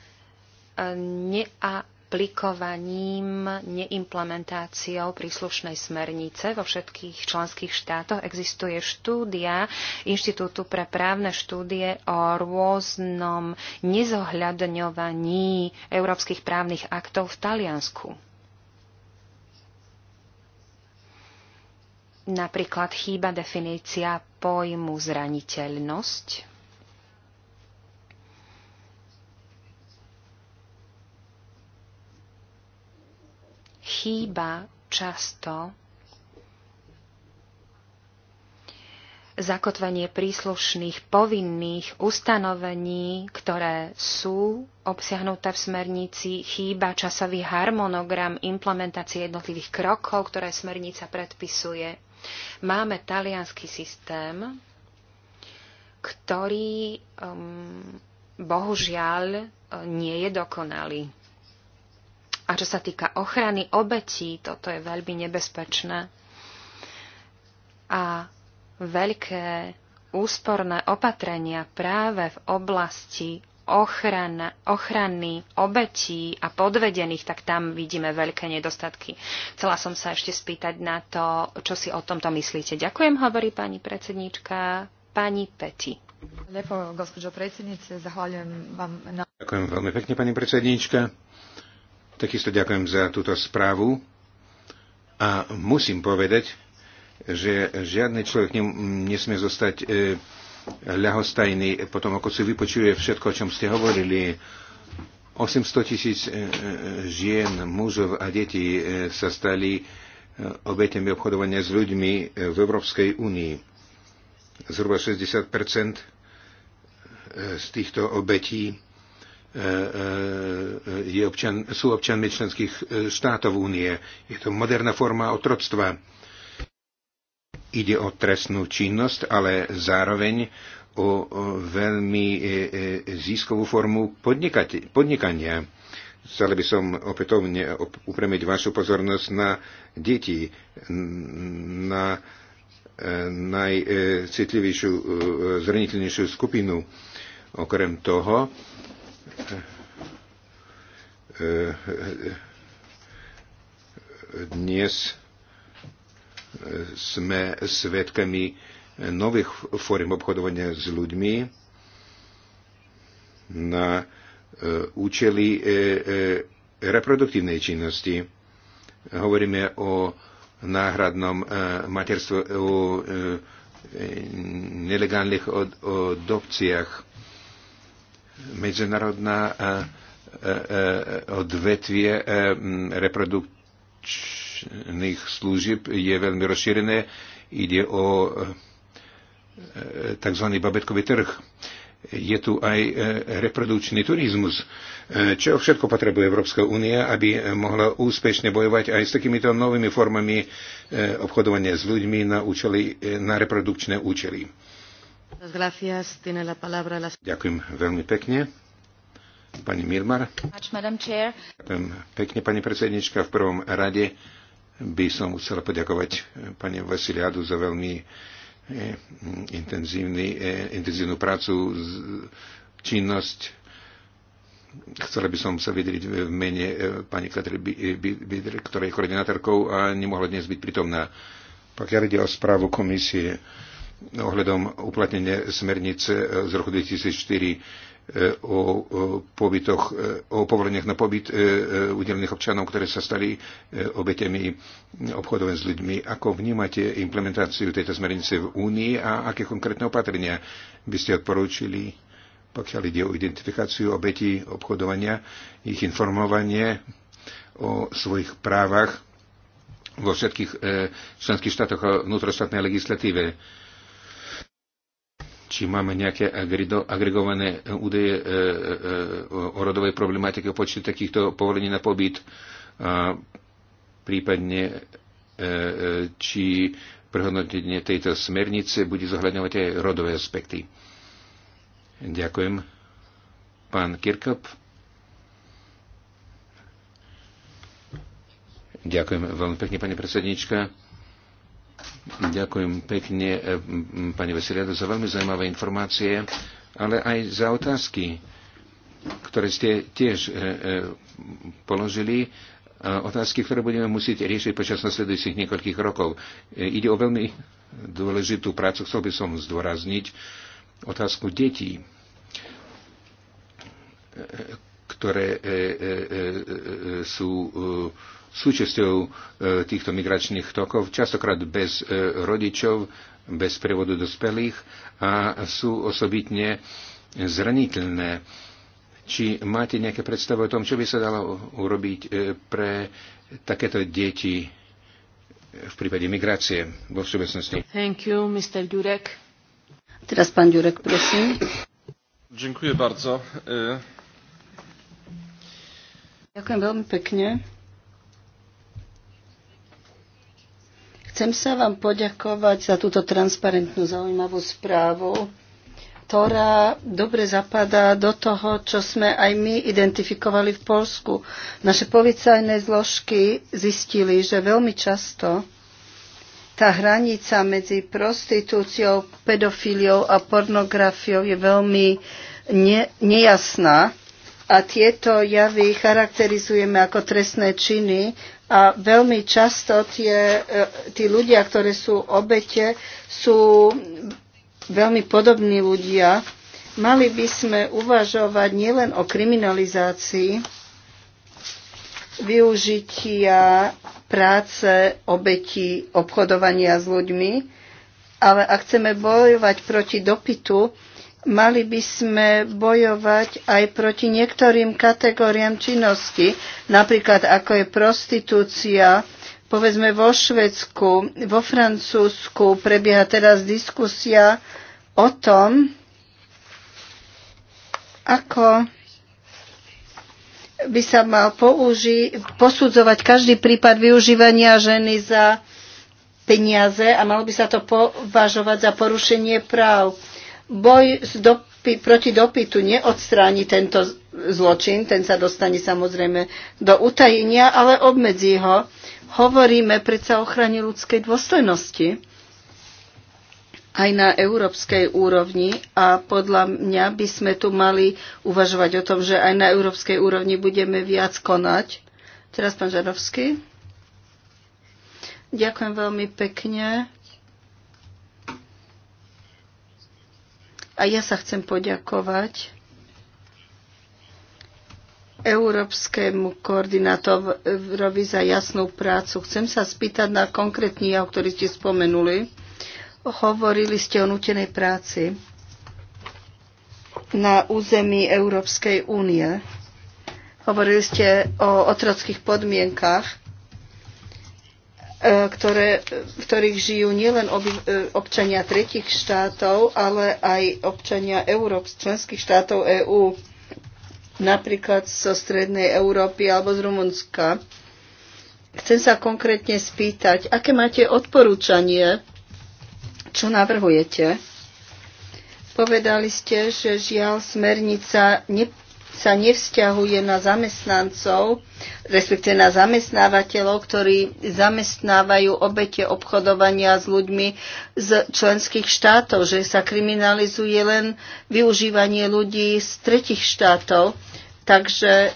nea aplikovaním, neimplementáciou príslušnej smernice. Vo všetkých členských štátoch existuje štúdia Inštitútu pre právne štúdie o rôznom nezohľadňovaní európskych právnych aktov v Taliansku. Napríklad chýba definícia pojmu zraniteľnosť chýba často zakotvenie príslušných povinných ustanovení, ktoré sú obsiahnuté v smernici, chýba časový harmonogram implementácie jednotlivých krokov, ktoré smernica predpisuje. Máme talianský systém, ktorý um, bohužiaľ nie je dokonalý. A čo sa týka ochrany obetí, toto je veľmi nebezpečné. A veľké úsporné opatrenia práve v oblasti ochrana, ochrany obetí a podvedených, tak tam vidíme veľké nedostatky. Chcela som sa ešte spýtať na to, čo si o tomto myslíte. Ďakujem, hovorí pani predsedníčka, pani Peti. Lepo, gospođo zahvaljujem vám na... Ďakujem veľmi pekne, pani predsedníčka. Takisto ďakujem za túto správu a musím povedať, že žiadny človek nesmie zostať e, ľahostajný potom, ako si vypočuje všetko, o čom ste hovorili. 800 tisíc e, e, žien, mužov a detí sa stali obetemi obchodovania s ľuďmi v Európskej únii. Zhruba 60 z týchto obetí E, e, je občan, sú občanmi členských e, štátov únie. Je to moderná forma otroctva. Ide o trestnú činnosť, ale zároveň o veľmi získovú formu podnikania. Chcel by som opätovne upremiť vašu pozornosť na deti, na najcitlivejšiu, zraniteľnejšiu skupinu. Okrem toho, E, e, e, dnes sme svetkami nových fóriem obchodovania s ľuďmi na účely reproduktívnej činnosti. Hovoríme o náhradnom materstve, o nelegálnych adopciách medzinárodná e, e, e, odvetvie reprodukčných služieb je veľmi rozšírené. Ide o tzv. babetkový trh. Je tu aj reprodukčný turizmus, čo všetko potrebuje Európska únia, aby mohla úspešne bojovať aj s takýmito novými formami obchodovania s ľuďmi na, účely, na reprodukčné účely. Ďakujem veľmi pekne. Pani Mirmar. Ďakujem pekne, pani predsednička. V prvom rade by som chcela poďakovať eh, pani Vasiliadu za veľmi eh, eh, intenzívnu prácu, činnosť. Chcela by som sa vydriť v mene pani Katry, ktorá je koordinátorkou a nemohla dnes byť pritomná. Pokiaľ ide o správu komisie, ohľadom uplatnenia smernice e, z roku 2004 e, o, e, pobytoch, o povoleniach na pobyt udelených občanov, ktoré sa stali obetemi obchodov s ľuďmi. Ako vnímate implementáciu tejto smernice v Únii a aké konkrétne opatrenia by ste odporúčili, pokiaľ ide o identifikáciu obetí obchodovania, ich informovanie o svojich právach vo všetkých členských štátoch a vnútroštátnej legislatíve? či máme nejaké agregované eh, údaje eh, eh, o rodovej problematike, o počte takýchto povolení na pobyt, a prípadne či prehodnotenie tejto smernice bude zohľadňovať aj rodové aspekty. Ďakujem. Pán Kirkup. Ďakujem veľmi pekne, pani predsednička. Ďakujem pekne, eh, pani Veseliado, za veľmi zaujímavé informácie, ale aj za otázky, ktoré ste tiež eh, eh, položili. Otázky, ktoré budeme musieť riešiť počas nasledujúcich niekoľkých rokov. Ide o veľmi dôležitú prácu, chcel by som zdôrazniť otázku detí, ktoré sú súčasťou e, týchto migračných tokov, častokrát bez e, rodičov, bez prevodu dospelých a sú osobitne zraniteľné. Či máte nejaké predstavy o tom, čo by sa dalo urobiť e, pre takéto deti v prípade migrácie vo všeobecnosti? Thank you, Mr. Durek. Teraz pán Durek, prosím. Dziękuję bardzo. Ďakujem veľmi pekne. Chcem sa vám poďakovať za túto transparentnú zaujímavú správu, ktorá dobre zapadá do toho, čo sme aj my identifikovali v Polsku. Naše policajné zložky zistili, že veľmi často tá hranica medzi prostitúciou, pedofíliou a pornografiou je veľmi ne, nejasná a tieto javy charakterizujeme ako trestné činy, a veľmi často tie, e, tí ľudia, ktoré sú obete, sú veľmi podobní ľudia. Mali by sme uvažovať nielen o kriminalizácii využitia práce obetí obchodovania s ľuďmi, ale ak chceme bojovať proti dopytu, mali by sme bojovať aj proti niektorým kategóriám činnosti, napríklad ako je prostitúcia, povedzme vo Švedsku, vo Francúzsku prebieha teraz diskusia o tom, ako by sa mal použi- posudzovať každý prípad využívania ženy za peniaze a malo by sa to považovať za porušenie práv Boj s dopy, proti dopytu neodstráni tento zločin, ten sa dostane samozrejme do utajenia, ale obmedzí ho. Hovoríme predsa o ochrane ľudskej dôstojnosti aj na európskej úrovni a podľa mňa by sme tu mali uvažovať o tom, že aj na európskej úrovni budeme viac konať. Teraz pán Žarovský. Ďakujem veľmi pekne. A ja sa chcem poďakovať európskemu koordinátorovi za jasnú prácu. Chcem sa spýtať na konkrétny jav, ktorý ste spomenuli. Hovorili ste o nutenej práci na území Európskej únie. Hovorili ste o otrockých podmienkach E, ktoré, v ktorých žijú nielen oby, e, občania tretich štátov, ale aj občania Európ, členských štátov EÚ, napríklad zo Strednej Európy alebo z Rumunska. Chcem sa konkrétne spýtať, aké máte odporúčanie, čo navrhujete? Povedali ste, že žiaľ smernica ne, sa nevzťahuje na zamestnancov, respektíve na zamestnávateľov, ktorí zamestnávajú obete obchodovania s ľuďmi z členských štátov, že sa kriminalizuje len využívanie ľudí z tretich štátov. Takže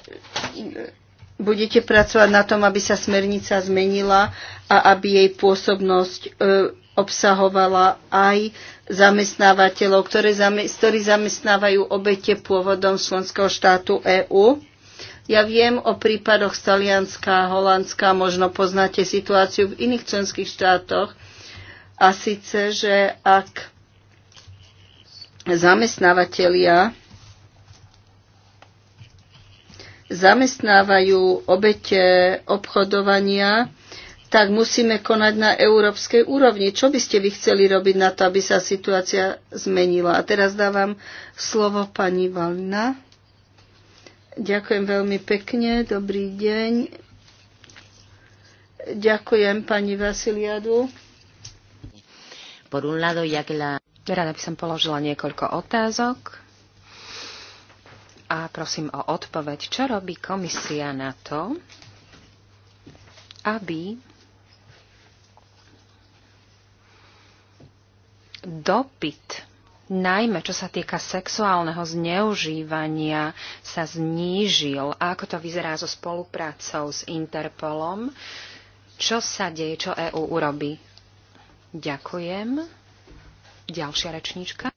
budete pracovať na tom, aby sa smernica zmenila a aby jej pôsobnosť e, obsahovala aj zamestnávateľov, ktoré ktorí zamestnávajú obete pôvodom členského štátu EÚ. Ja viem o prípadoch z Talianska, Holandska, možno poznáte situáciu v iných členských štátoch. A síce, že ak zamestnávateľia zamestnávajú obete obchodovania, tak musíme konať na európskej úrovni. Čo by ste vy chceli robiť na to, aby sa situácia zmenila? A teraz dávam slovo pani Valina. Ďakujem veľmi pekne, dobrý deň. Ďakujem pani Vasiliadu. Por un lado, ja la... Rada by som položila niekoľko otázok a prosím o odpoveď, čo robí komisia na to, aby dopyt, najmä čo sa týka sexuálneho zneužívania, sa znížil. A ako to vyzerá so spoluprácou s Interpolom? Čo sa deje, čo EÚ urobí? Ďakujem. Ďalšia rečníčka.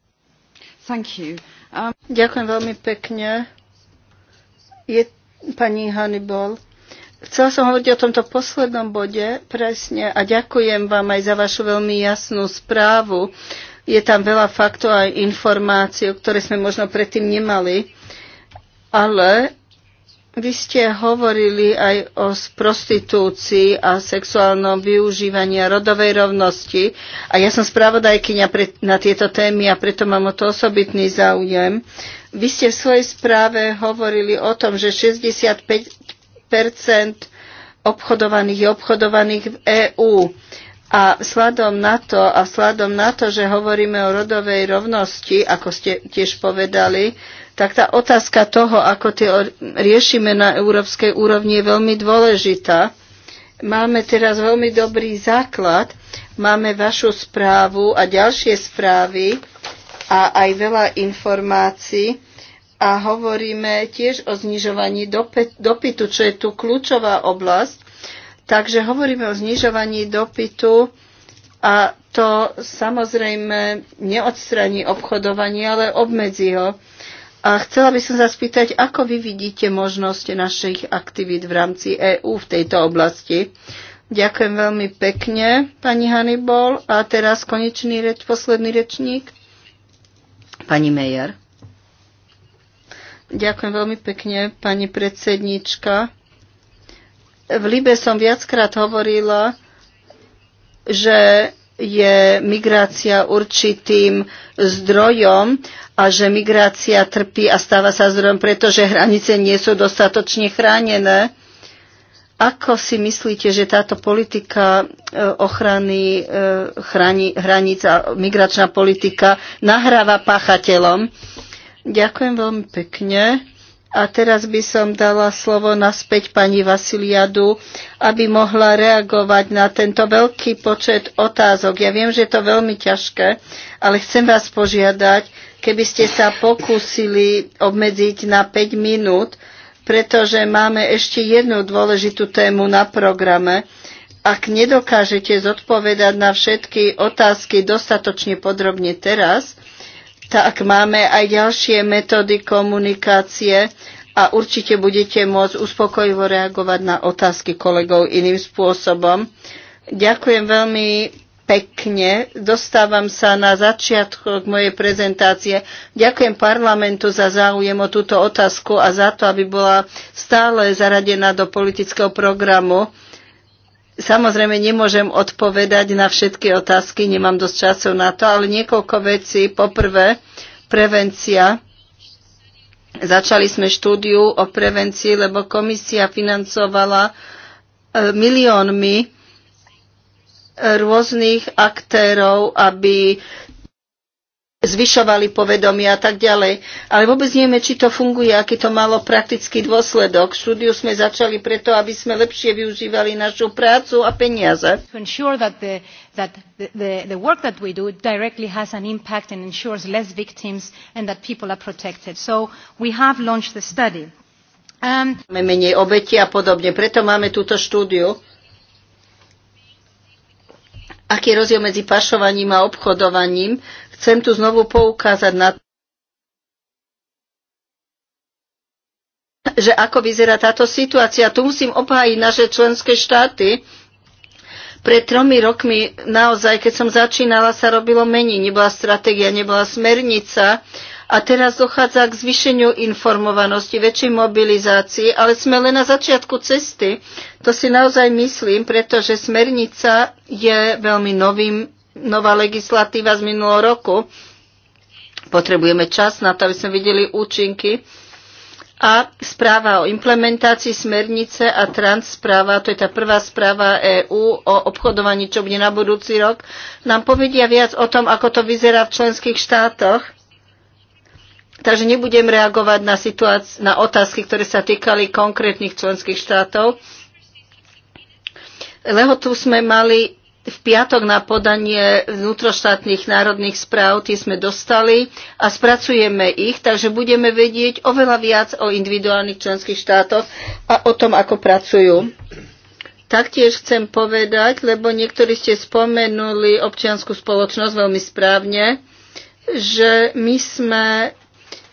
Thank you. Um... Ďakujem veľmi pekne. Je pani Hannibal. Chcela som hovoriť o tomto poslednom bode, presne, a ďakujem vám aj za vašu veľmi jasnú správu. Je tam veľa faktov a informácií, ktoré sme možno predtým nemali, ale vy ste hovorili aj o prostitúcii a sexuálnom využívaní a rodovej rovnosti. A ja som správodajkyňa na tieto témy a preto mám o to osobitný záujem. Vy ste v svojej správe hovorili o tom, že 65 percent obchodovaných je obchodovaných v EÚ. A vzhľadom na to, a vzhľadom na to, že hovoríme o rodovej rovnosti, ako ste tiež povedali, tak tá otázka toho, ako tie riešime na európskej úrovni, je veľmi dôležitá. Máme teraz veľmi dobrý základ, máme vašu správu a ďalšie správy a aj veľa informácií a hovoríme tiež o znižovaní dopytu, čo je tu kľúčová oblasť. Takže hovoríme o znižovaní dopytu a to samozrejme neodstraní obchodovanie, ale obmedzí ho. A chcela by som sa spýtať, ako vy vidíte možnosť našich aktivít v rámci EÚ v tejto oblasti? Ďakujem veľmi pekne, pani Hannibal. A teraz konečný reč, posledný rečník, pani Mejer. Ďakujem veľmi pekne, pani predsednička. V Libe som viackrát hovorila, že je migrácia určitým zdrojom a že migrácia trpí a stáva sa zdrojom, pretože hranice nie sú dostatočne chránené. Ako si myslíte, že táto politika e, ochrany e, hraníc a migračná politika nahráva páchateľom? Ďakujem veľmi pekne. A teraz by som dala slovo naspäť pani Vasiliadu, aby mohla reagovať na tento veľký počet otázok. Ja viem, že je to veľmi ťažké, ale chcem vás požiadať, keby ste sa pokúsili obmedziť na 5 minút, pretože máme ešte jednu dôležitú tému na programe. Ak nedokážete zodpovedať na všetky otázky dostatočne podrobne teraz, tak máme aj ďalšie metódy komunikácie a určite budete môcť uspokojivo reagovať na otázky kolegov iným spôsobom. Ďakujem veľmi pekne. Dostávam sa na začiatok mojej prezentácie. Ďakujem parlamentu za záujem o túto otázku a za to, aby bola stále zaradená do politického programu. Samozrejme, nemôžem odpovedať na všetky otázky, nemám dosť času na to, ale niekoľko vecí. Poprvé, prevencia. Začali sme štúdiu o prevencii, lebo komisia financovala e, miliónmi e, rôznych aktérov, aby zvyšovali povedomia a tak ďalej. Ale vôbec nevieme, či to funguje, aký to malo praktický dôsledok. Štúdiu sme začali preto, aby sme lepšie využívali našu prácu a peniaze. Um, máme menej obeti a podobne. Preto máme túto štúdiu. Aký je rozdiel medzi pašovaním a obchodovaním? Chcem tu znovu poukázať na že ako vyzerá táto situácia. Tu musím obhájiť naše členské štáty. Pred tromi rokmi naozaj, keď som začínala, sa robilo mení. Nebola stratégia, nebola smernica. A teraz dochádza k zvýšeniu informovanosti, väčšej mobilizácii, ale sme len na začiatku cesty. To si naozaj myslím, pretože smernica je veľmi novým nová legislatíva z minulého roku. Potrebujeme čas na to, aby sme videli účinky. A správa o implementácii smernice a trans správa, to je tá prvá správa EÚ o obchodovaní, čo bude na budúci rok, nám povedia viac o tom, ako to vyzerá v členských štátoch. Takže nebudem reagovať na, situáci- na otázky, ktoré sa týkali konkrétnych členských štátov. Lehotu sme mali v piatok na podanie vnútroštátnych národných správ, tie sme dostali a spracujeme ich, takže budeme vedieť oveľa viac o individuálnych členských štátoch a o tom, ako pracujú. Taktiež chcem povedať, lebo niektorí ste spomenuli občianskú spoločnosť veľmi správne, že my sme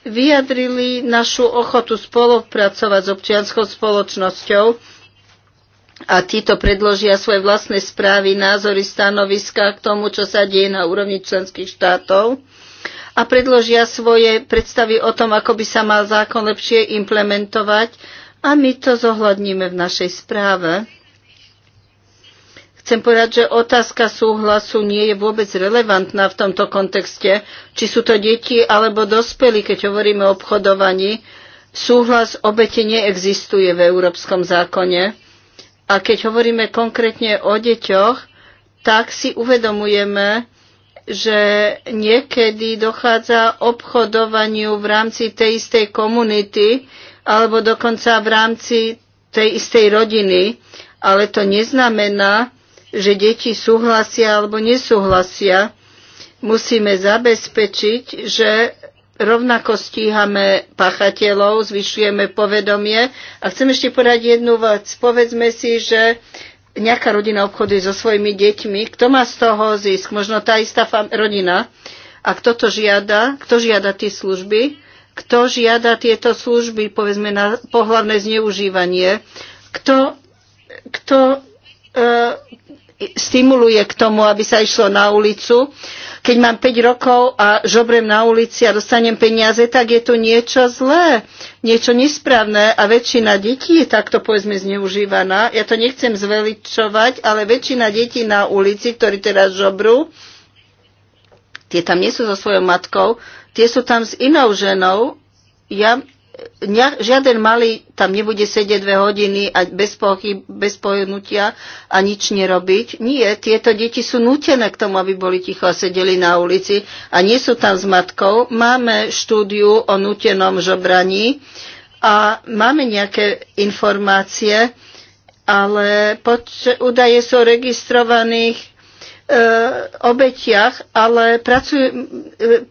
vyjadrili našu ochotu spolupracovať s občianskou spoločnosťou a títo predložia svoje vlastné správy, názory, stanoviska k tomu, čo sa deje na úrovni členských štátov a predložia svoje predstavy o tom, ako by sa mal zákon lepšie implementovať a my to zohľadníme v našej správe. Chcem povedať, že otázka súhlasu nie je vôbec relevantná v tomto kontexte, či sú to deti alebo dospelí, keď hovoríme o obchodovaní. Súhlas obete neexistuje v európskom zákone a keď hovoríme konkrétne o deťoch, tak si uvedomujeme, že niekedy dochádza obchodovaniu v rámci tej istej komunity alebo dokonca v rámci tej istej rodiny, ale to neznamená, že deti súhlasia alebo nesúhlasia. Musíme zabezpečiť, že rovnako stíhame pachateľov, zvyšujeme povedomie. A chcem ešte podať jednu vec. Povedzme si, že nejaká rodina obchoduje so svojimi deťmi. Kto má z toho zisk? Možno tá istá rodina. A kto to žiada? Kto žiada tie služby? Kto žiada tieto služby, povedzme, na pohľavné zneužívanie? Kto, kto e, stimuluje k tomu, aby sa išlo na ulicu. Keď mám 5 rokov a žobrem na ulici a dostanem peniaze, tak je to niečo zlé, niečo nesprávne a väčšina detí je takto povedzme zneužívaná. Ja to nechcem zveličovať, ale väčšina detí na ulici, ktorí teraz žobru, tie tam nie sú so svojou matkou, tie sú tam s inou ženou. Ja žiaden malý tam nebude sedieť dve hodiny a bez, pochyb, bez pojednutia a nič nerobiť. Nie, tieto deti sú nutené k tomu, aby boli ticho a sedeli na ulici a nie sú tam s matkou. Máme štúdiu o nutenom žobraní a máme nejaké informácie, ale pod údaje sú registrovaných Eh, obetiach, ale pracujú, eh,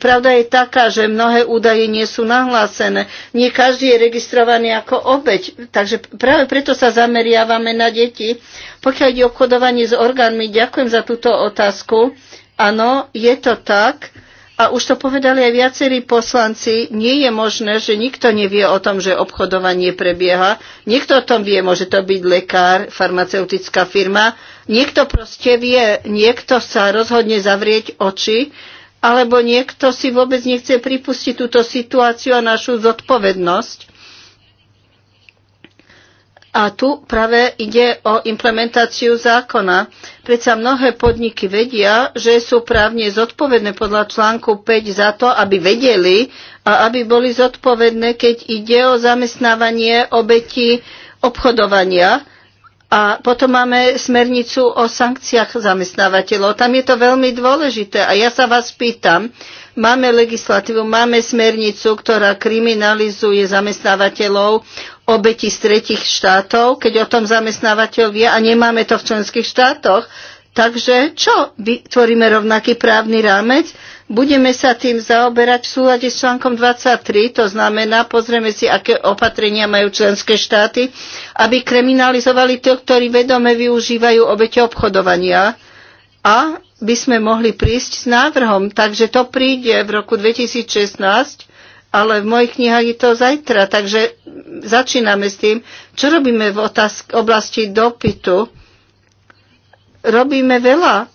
pravda je taká, že mnohé údaje nie sú nahlásené. Nie každý je registrovaný ako obeť, takže práve preto sa zameriavame na deti. Pokiaľ ide obchodovanie s orgánmi, ďakujem za túto otázku. Áno, je to tak. A už to povedali aj viacerí poslanci, nie je možné, že nikto nevie o tom, že obchodovanie prebieha. Niekto o tom vie, môže to byť lekár, farmaceutická firma, Niekto proste vie, niekto sa rozhodne zavrieť oči, alebo niekto si vôbec nechce pripustiť túto situáciu a našu zodpovednosť. A tu práve ide o implementáciu zákona. Predsa mnohé podniky vedia, že sú právne zodpovedné podľa článku 5 za to, aby vedeli a aby boli zodpovedné, keď ide o zamestnávanie obeti obchodovania. A potom máme smernicu o sankciách zamestnávateľov. Tam je to veľmi dôležité. A ja sa vás pýtam, máme legislatívu, máme smernicu, ktorá kriminalizuje zamestnávateľov obeti z tretich štátov, keď o tom zamestnávateľ vie a nemáme to v členských štátoch, Takže čo? Vytvoríme rovnaký právny rámec? Budeme sa tým zaoberať v súlade s článkom 23, to znamená, pozrieme si, aké opatrenia majú členské štáty, aby kriminalizovali to, ktorí vedome využívajú obete obchodovania a by sme mohli prísť s návrhom. Takže to príde v roku 2016, ale v mojich knihách je to zajtra. Takže začíname s tým, čo robíme v oblasti dopytu Robíme veľa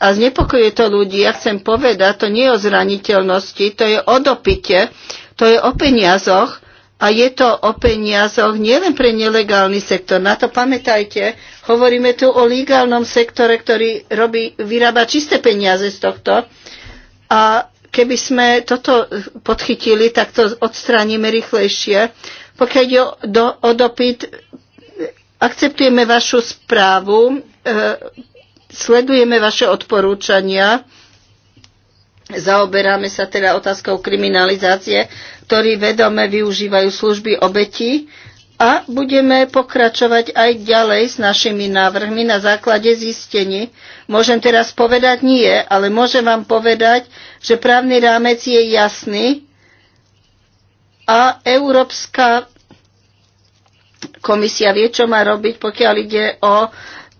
a znepokojuje to ľudí. Ja chcem povedať, to nie je o zraniteľnosti, to je o dopite, to je o peniazoch a je to o peniazoch nielen pre nelegálny sektor. Na to pamätajte, hovoríme tu o legálnom sektore, ktorý robí, vyrába čisté peniaze z tohto. A keby sme toto podchytili, tak to odstránime rýchlejšie. Pokiaľ ide o, do, o dopyt, akceptujeme vašu správu, Eh, sledujeme vaše odporúčania. Zaoberáme sa teda otázkou kriminalizácie, ktorí vedome využívajú služby obetí a budeme pokračovať aj ďalej s našimi návrhmi na základe zistení. Môžem teraz povedať nie, ale môžem vám povedať, že právny rámec je jasný a Európska komisia vie, čo má robiť, pokiaľ ide o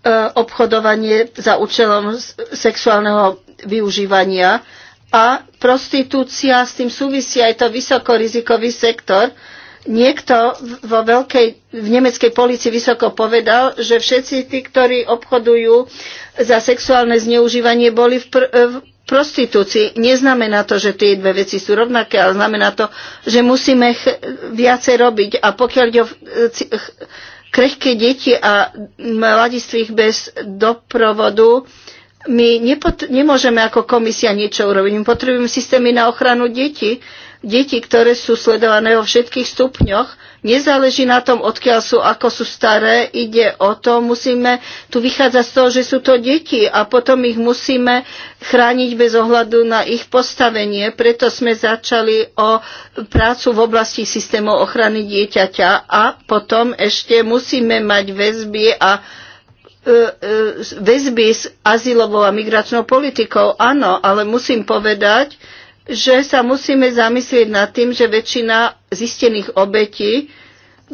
E, obchodovanie za účelom sexuálneho využívania a prostitúcia, s tým súvisí aj to vysokorizikový sektor. Niekto vo veľkej, v nemeckej policii vysoko povedal, že všetci tí, ktorí obchodujú za sexuálne zneužívanie, boli v, pr- e, v prostitúcii. Neznamená to, že tie dve veci sú rovnaké, ale znamená to, že musíme viacej robiť. A pokiaľ ide o e, krehké deti a mladistvých bez doprovodu, my nemôžeme ako komisia niečo urobiť. My potrebujeme systémy na ochranu detí, detí, ktoré sú sledované vo všetkých stupňoch Nezáleží na tom, odkiaľ sú, ako sú staré, ide o to, musíme tu vychádzať z toho, že sú to deti a potom ich musíme chrániť bez ohľadu na ich postavenie. Preto sme začali o prácu v oblasti systémov ochrany dieťaťa a potom ešte musíme mať väzby a e, e, väzby s azylovou a migračnou politikou, áno, ale musím povedať, že sa musíme zamyslieť nad tým, že väčšina zistených obetí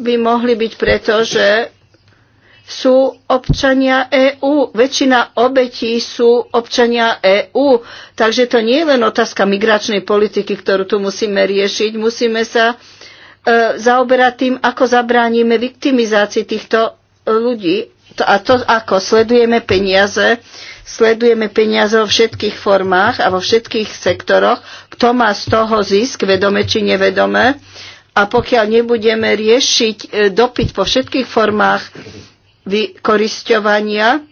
by mohli byť preto, že sú občania EÚ. Väčšina obetí sú občania EÚ. Takže to nie je len otázka migračnej politiky, ktorú tu musíme riešiť. Musíme sa e, zaoberať tým, ako zabránime viktimizácii týchto ľudí. To, a to, ako sledujeme peniaze, sledujeme peniaze vo všetkých formách a vo všetkých sektoroch, kto má z toho zisk, vedome či nevedome. A pokiaľ nebudeme riešiť e, dopyt po všetkých formách vykorisťovania,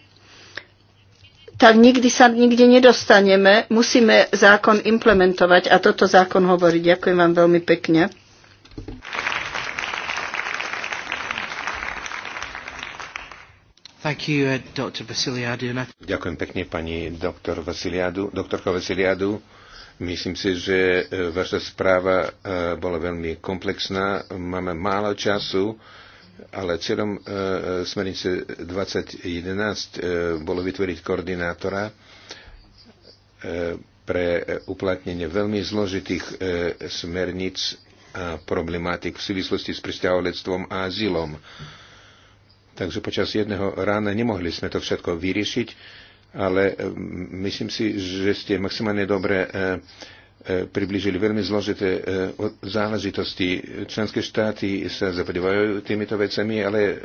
tak nikdy sa nikde nedostaneme. Musíme zákon implementovať a toto zákon hovorí. Ďakujem vám veľmi pekne. You, uh, Ďakujem pekne pani doktor Vasiliadu, doktorko Vasiliadu. Myslím si, že e, vaša správa e, bola veľmi komplexná. Máme málo času, ale cieľom e, smernice 2011 bolo vytvoriť koordinátora pre uplatnenie veľmi zložitých smerníc a problematik v súvislosti s pristahovalectvom a azylom. Mm Takže počas jedného rána nemohli sme to všetko vyriešiť, ale e, myslím si, že ste maximálne dobre e, e, priblížili veľmi zložité záležitosti. Členské štáty sa zapodívajú týmito vecami, ale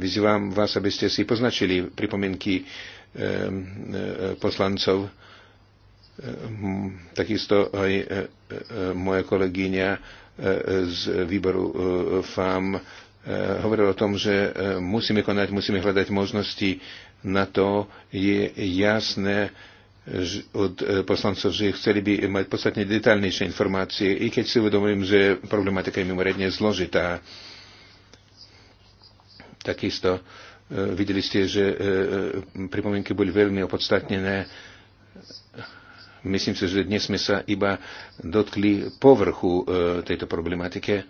vyzývam vás, aby ste si poznačili pripomienky poslancov. Takisto aj moja kolegyňa z výboru FAM Eh, hovoril o tom, že eh, musíme konať, musíme hľadať možnosti na to, je jasné od eh, poslancov, že chceli by mať podstatne detaľnejšie informácie, i keď si uvedomujem, že problematika je mimoriadne zložitá. Takisto videli ste, že pripomienky boli veľmi opodstatnené. Myslím si, že dnes sme sa iba dotkli povrchu tejto problematike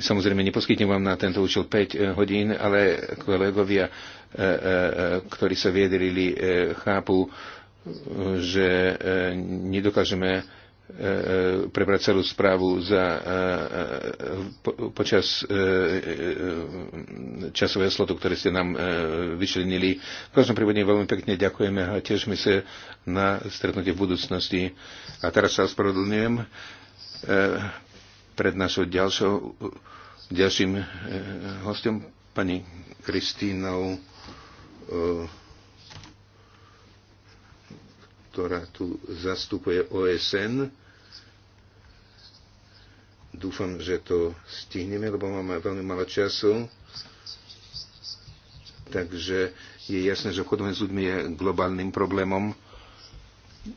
Samozrejme, neposkytnem vám na tento účel 5 eh, hodín, ale kolegovia, eh, eh, ktorí sa viedrili, chápu, že nedokážeme prebrať celú správu za, počas časového slotu, ktoré ste nám vyčlenili. V každom prípade veľmi pekne ďakujeme a tešíme sa na stretnutie v budúcnosti. A teraz sa ospravedlňujem pred našou ďalšou, ďalším eh, hostom, pani Kristínou, eh, ktorá tu zastupuje OSN. Dúfam, že to stihneme, lebo máme veľmi malo času. Takže je jasné, že obchodovanie s ľuďmi je globálnym problémom.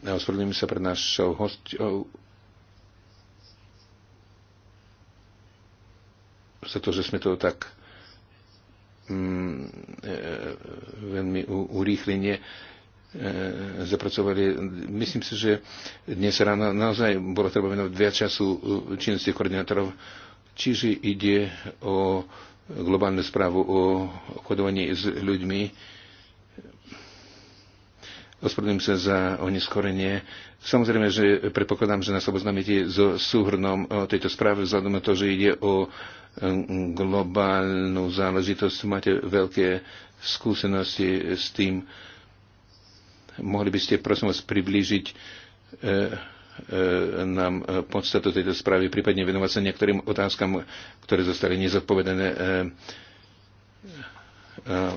Ospravedlňujem sa pred našou hostou za to, že sme to tak mm, e, e, veľmi urýchlenie e, zapracovali. Myslím si, že dnes ráno naozaj bolo treba venovať viac času činnosti koordinátorov, čiže ide o globálnu správu o obchodovaní s ľuďmi. Ospravedlňujem sa za oneskorenie. Samozrejme, že predpokladám, že nás oboznámite so súhrnom tejto správy vzhľadom na to, že ide o globálnu záležitosť, máte veľké skúsenosti s tým. Mohli by ste, prosím vás, priblížiť e, e, nám podstatu tejto správy, prípadne venovať sa niektorým otázkam, ktoré zostali nezodpovedané. E,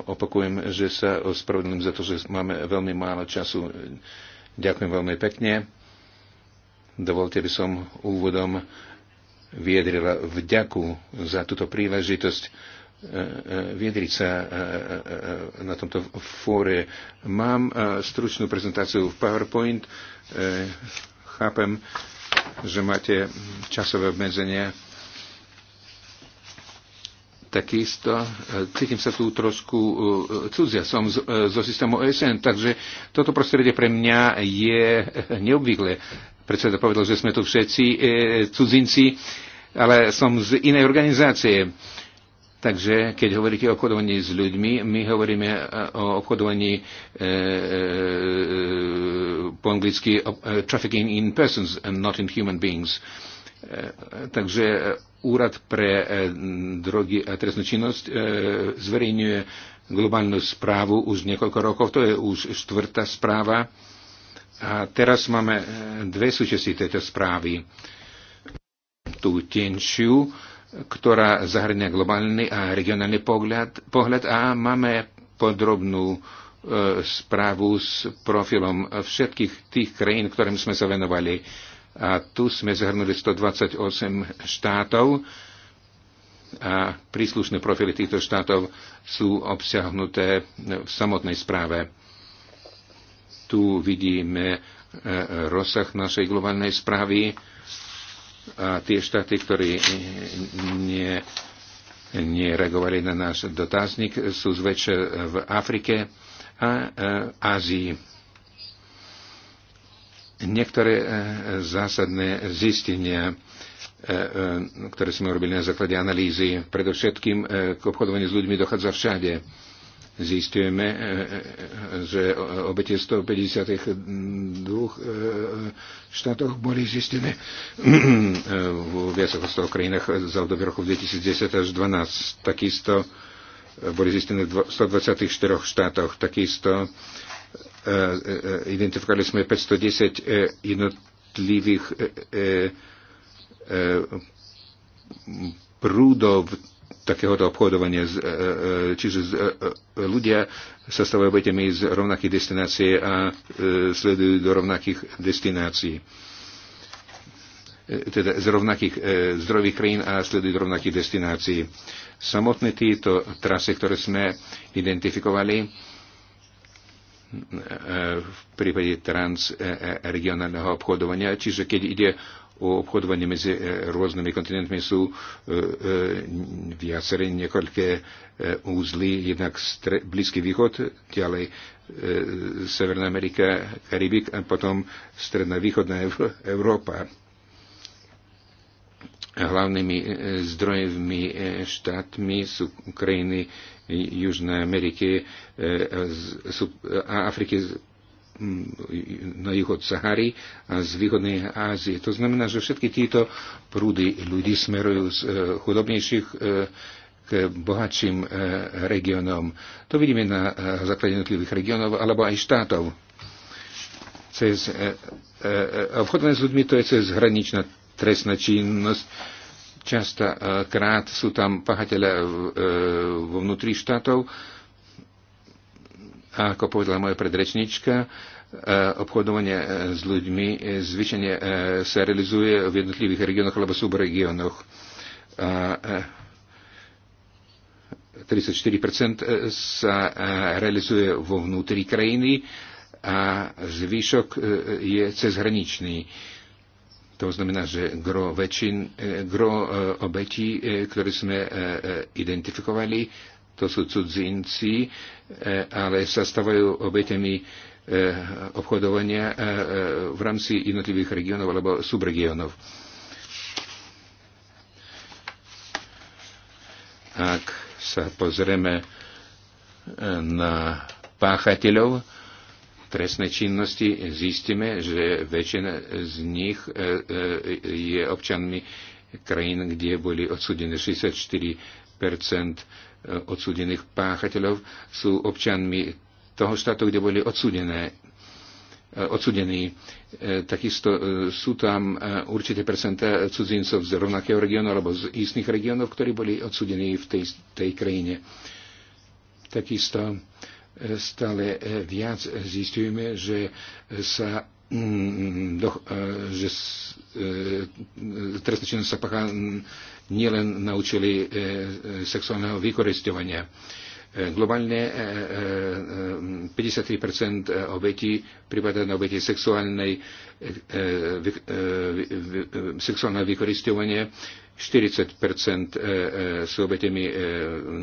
opakujem, že sa ospravedlím za to, že máme veľmi málo času. Ďakujem veľmi pekne. Dovolte by som úvodom vyjadrila vďaku za túto príležitosť e, e, viedriť sa e, na tomto fóre. Mám stručnú prezentáciu v PowerPoint. Chápem, že máte časové obmedzenia. Takisto cítim sa tu trošku cudzia, som zo systému OSN, takže toto prostredie pre mňa je neobvyklé. Predseda povedal, že sme tu všetci e, cudzinci, ale som z inej organizácie. Takže keď hovoríte o obchodovaní s ľuďmi, my hovoríme e, o obchodovaní e, e, e po anglicky e, trafficking in persons and not in human beings. E, takže Úrad pre drogy a trestnú činnosť zverejňuje globálnu správu už niekoľko rokov, to je už štvrtá správa. E, a teraz máme e, dve súčasti tejto správy. Tú tenšiu, ktorá zahrania globálny a regionálny pohľad, pohľad a máme podrobnú e, správu s profilom všetkých tých krajín, ktorým sme sa venovali. A tu sme zahrnuli 128 štátov a príslušné profily týchto štátov sú obsiahnuté v samotnej správe. Tu vidíme e, e, rozsah našej globálnej správy a tie štáty, ktoré nie, reagovali na náš dotazník, sú zväčšie v Afrike a e, Ázii. Niektoré zásadné zistenia ktoré sme urobili na základe analýzy. Predovšetkým k obchodovaniu s ľuďmi dochádza všade zistujeme, e, e, že obete 152 e, štátoch boli zistené v viac ako 100 krajinách za obdobie roku 2010 až 2012. Takisto boli zistené v 124 štátoch. Takisto identifikovali sme 510 jednotlivých prúdov takéhoto obchodovania. E, e, e, čiže ľudia sa stavajú obetemi z rovnakých destinácií a sledujú do rovnakých destinácií teda z rovnakých zdrojových krajín a sledujú rovnakých destinácií. Samotné tieto trasy, ktoré sme identifikovali, v prípade transregionálneho obchodovania. Čiže keď ide o obchodovaní medzi e, rôznymi kontinentmi sú e, e, viaceré niekoľké úzly, jednak Blízky východ, ďalej Severná Amerika, Karibik a potom Stredná východná Európa. Hlavnými zdrojmi štátmi sú krajiny Južnej Ameriky a Afriky na juh od Sahary a z východnej Ázie. To znamená, že všetky títo prúdy ľudí smerujú z e, chudobnejších e, k bohatším e, regionom, To vidíme na základe jednotlivých regionov alebo aj štátov. Cez, obchodné s ľuďmi to je cez hraničná trestná činnosť. Často krát sú tam pachateľe vo vnútri štátov ako povedala moja predrečnička, e, obchodovanie e, s ľuďmi e, zvyčajne sa realizuje v jednotlivých regiónoch alebo subregiónoch. 34% sa realizuje vo vnútri krajiny a zvyšok je cezhraničný. To znamená, že gro, väčšin, gro obetí, ktoré sme identifikovali, to sú cudzinci, e, ale sa stávajú obetemi e, obchodovania e, v rámci jednotlivých regionov alebo subregionov. Ak sa pozrieme na páchateľov trestnej činnosti, zistíme, že väčšina z nich je občanmi krajín, kde boli odsudené 64 Eh, odsúdených páchateľov sú občanmi toho štátu, kde boli odsúdené eh, odsudení. Eh, takisto sú tam určité percentá cudzincov z rovnakého regiónu alebo z istných regiónov, ktorí boli odsudení v tej, tej krajine. Takisto stále viac zistujeme, že sa Mm, e, že e, trestný čin sa pachá mm, nielen na účely e, sexuálneho vykoristovania. Globálne 53% obetí prípada na obete sexuálnej, sexuálneho vykoristovania, 40% sú obetemi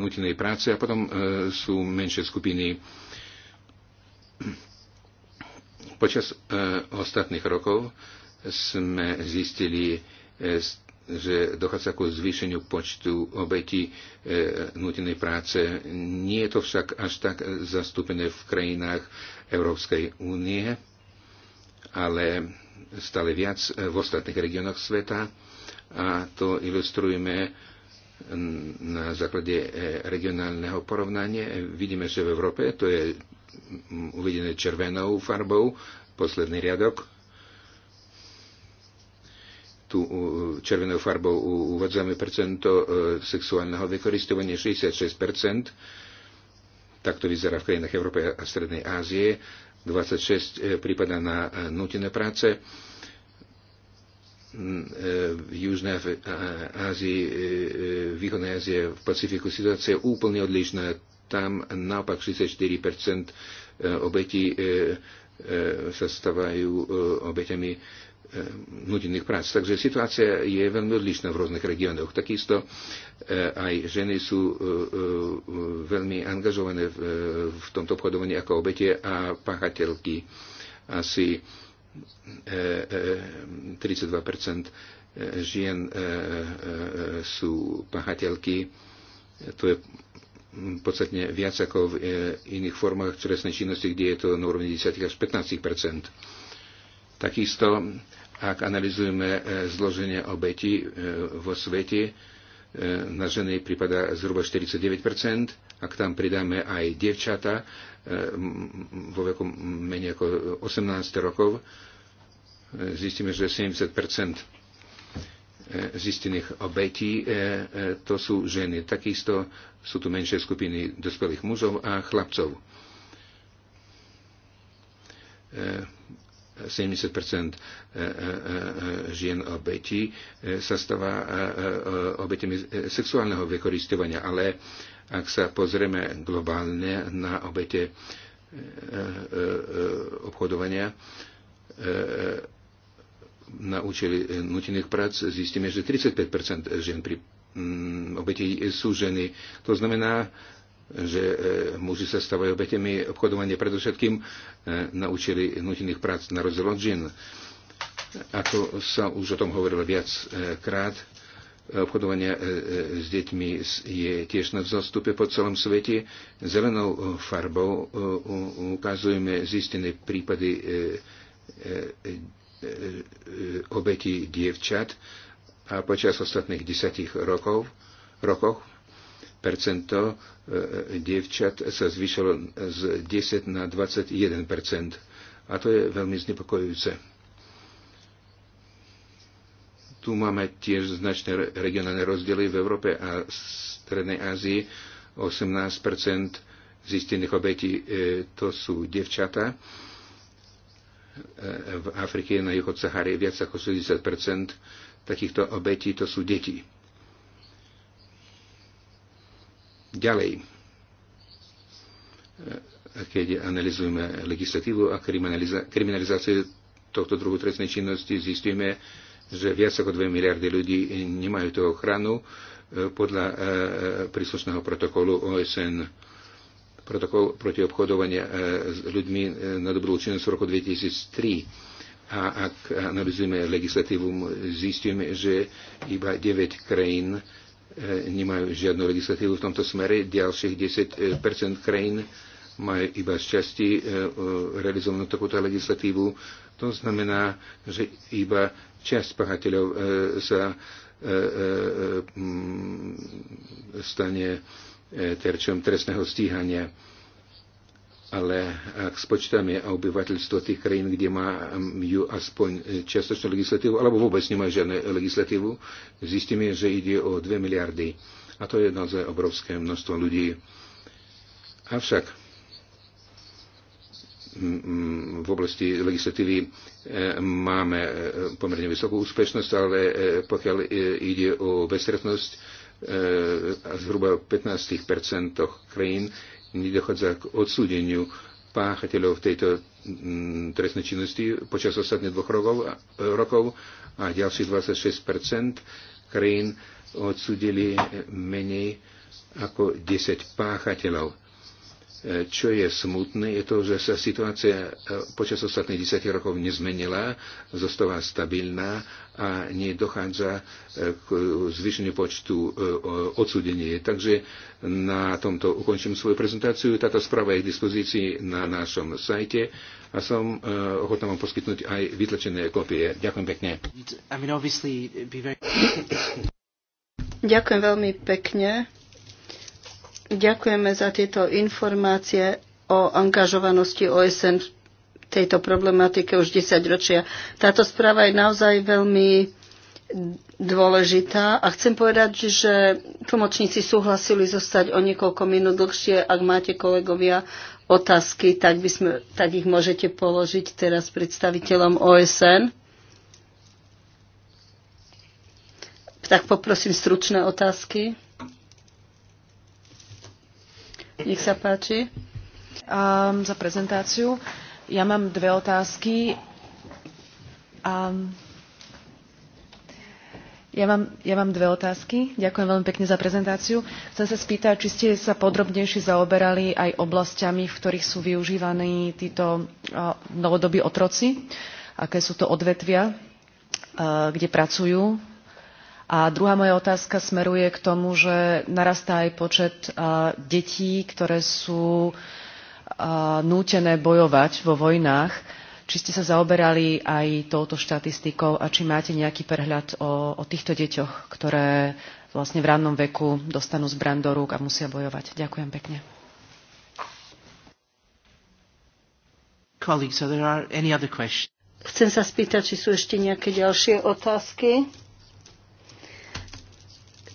nutenej práce a potom sú menšie skupiny Počas e, ostatných rokov sme zistili, e, že dochádza ku zvýšeniu počtu obetí e, nutenej práce. Nie je to však až tak zastúpené v krajinách Európskej únie, ale stále viac v ostatných regiónoch sveta a to ilustrujeme na základe regionálneho porovnania. Vidíme, že v Európe to je uvedené červenou farbou, posledný riadok. Tu červenou farbou uvádzame percento e, sexuálneho vykoristovania 66%. Takto vyzerá v krajinách Európy a Strednej Ázie. 26 e, prípada na e, nutené práce. Mm, v Južnej Ázii, Východnej Ázie, v Pacifiku situácia je úplne odlišná tam naopak 64% e, obetí e, e, sa stávajú obeťami nutených prác. Takže situácia je veľmi odlišná v rôznych regiónoch. Takisto aj ženy sú veľmi angažované v tomto obchodovaní ako obete a páchateľky. Asi 32 žien sú páchateľky. To je podstatne viac ako v e, iných formách trestnej činnosti, kde je to na úrovni 10 až 15 Takisto, ak analizujeme e, zloženie obeti e, vo svete, na ženy prípada zhruba 49 ak tam pridáme aj dievčata vo veku menej ako 18 rokov, zistíme, že 70 zistených obetí e, e, to sú ženy. Takisto sú tu menšie skupiny dospelých mužov a chlapcov. 70 e, žien obetí sa stáva obetiami sexuálneho vykoristovania, ale ak sa pozrieme globálne na obete obchodovania, na účely eh, nutených prác zistíme, že 35 žien pri mm, obeti sú ženy. To znamená, že eh, muži sa stávajú obetemi obchodovania predovšetkým eh, na účely nutených prác na rozdiel od žien. Ako sa už o tom hovorilo viackrát, obchodovania s deťmi je tiež na vzostupe po celom svete. Zelenou farbou ukazujeme zistené prípady Eh, obeti dievčat a počas ostatných desiatich rokov, rokoch percento eh, dievčat sa zvýšilo z 10 na 21 percent. A to je veľmi znepokojujúce. Tu máme tiež značné regionálne rozdiely v Európe a Strednej Ázii. 18 zistených obetí eh, to sú dievčatá E, v Afrike na juhod od Sahary viac ako 60 takýchto obetí to sú deti. Ďalej, e, keď analizujeme legislatívu a kriminaliza- kriminalizáciu tohto druhu trestnej činnosti, zistíme, že viac ako 2 miliardy ľudí nemajú tú ochranu e, podľa príslušného protokolu OSN Protokol proti obchodovania e, s ľuďmi e, nadobudol činnosť v roku 2003 a ak analizujeme legislatívu, zistíme, že iba 9 krajín e, nemajú žiadnu legislatívu v tomto smere, ďalších 10 krajín majú iba z časti realizovanú takúto legislatívu. To znamená, že iba časť pachateľov sa stane E, terčom trestného stíhania. Ale ak spočítame obyvateľstvo tých krajín, kde majú aspoň čiastočnú legislatívu, alebo vôbec nemajú žiadnu legislatívu, zistíme, že ide o 2 miliardy. A to je naozaj obrovské množstvo ľudí. Avšak v oblasti legislatívy e, máme e, pomerne vysokú úspešnosť, ale pokiaľ ide o bezstretnosť, E, zhruba v 15% krajín nedochádza k odsúdeniu páchateľov tejto mm, trestnej činnosti počas ostatných dvoch rokov, rokov a ďalších 26% krajín odsúdili menej ako 10 páchateľov. Čo je smutné, je to, že sa situácia e, počas ostatných 10 rokov nezmenila, zostáva stabilná a nedochádza e, k zvýšeniu počtu e, odsudení. Takže na tomto ukončím svoju prezentáciu. Táto správa je k dispozícii na našom sajte a som ochotná vám poskytnúť aj vytlačené kopie. Ďakujem pekne. Ďakujem veľmi pekne. Ďakujeme za tieto informácie o angažovanosti OSN v tejto problematike už 10 ročia. Táto správa je naozaj veľmi dôležitá a chcem povedať, že tlmočníci súhlasili zostať o niekoľko minút dlhšie. Ak máte kolegovia otázky, tak, by sme, tak ich môžete položiť teraz predstaviteľom OSN. Tak poprosím stručné otázky. Nech sa páči. Um, za prezentáciu. Ja mám dve otázky. Um, ja mám, ja mám dve otázky. Ďakujem veľmi pekne za prezentáciu. Chcem sa spýtať, či ste sa podrobnejšie zaoberali aj oblastiami, v ktorých sú využívaní títo uh, novodobí otroci, aké sú to odvetvia, uh, kde pracujú a druhá moja otázka smeruje k tomu, že narastá aj počet detí, ktoré sú nútené bojovať vo vojnách. Či ste sa zaoberali aj touto štatistikou a či máte nejaký prehľad o, o týchto deťoch, ktoré vlastne v rannom veku dostanú zbran do rúk a musia bojovať. Ďakujem pekne. Chcem sa spýtať, či sú ešte nejaké ďalšie otázky.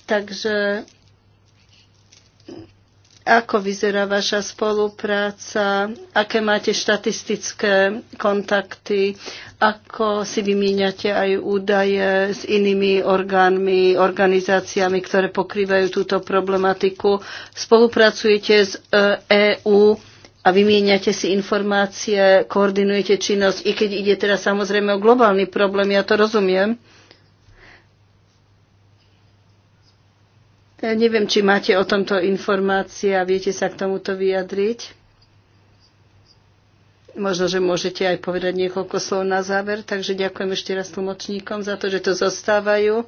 Takže ako vyzerá vaša spolupráca, aké máte štatistické kontakty, ako si vymieňate aj údaje s inými orgánmi, organizáciami, ktoré pokrývajú túto problematiku. Spolupracujete s EÚ e a vymieňate si informácie, koordinujete činnosť, i keď ide teraz samozrejme o globálny problém, ja to rozumiem. Ja Neviem, či máte o tomto informácie a viete sa k tomuto vyjadriť. Možno, že môžete aj povedať niekoľko slov na záver, takže ďakujem ešte raz tlmočníkom za to, že to zostávajú.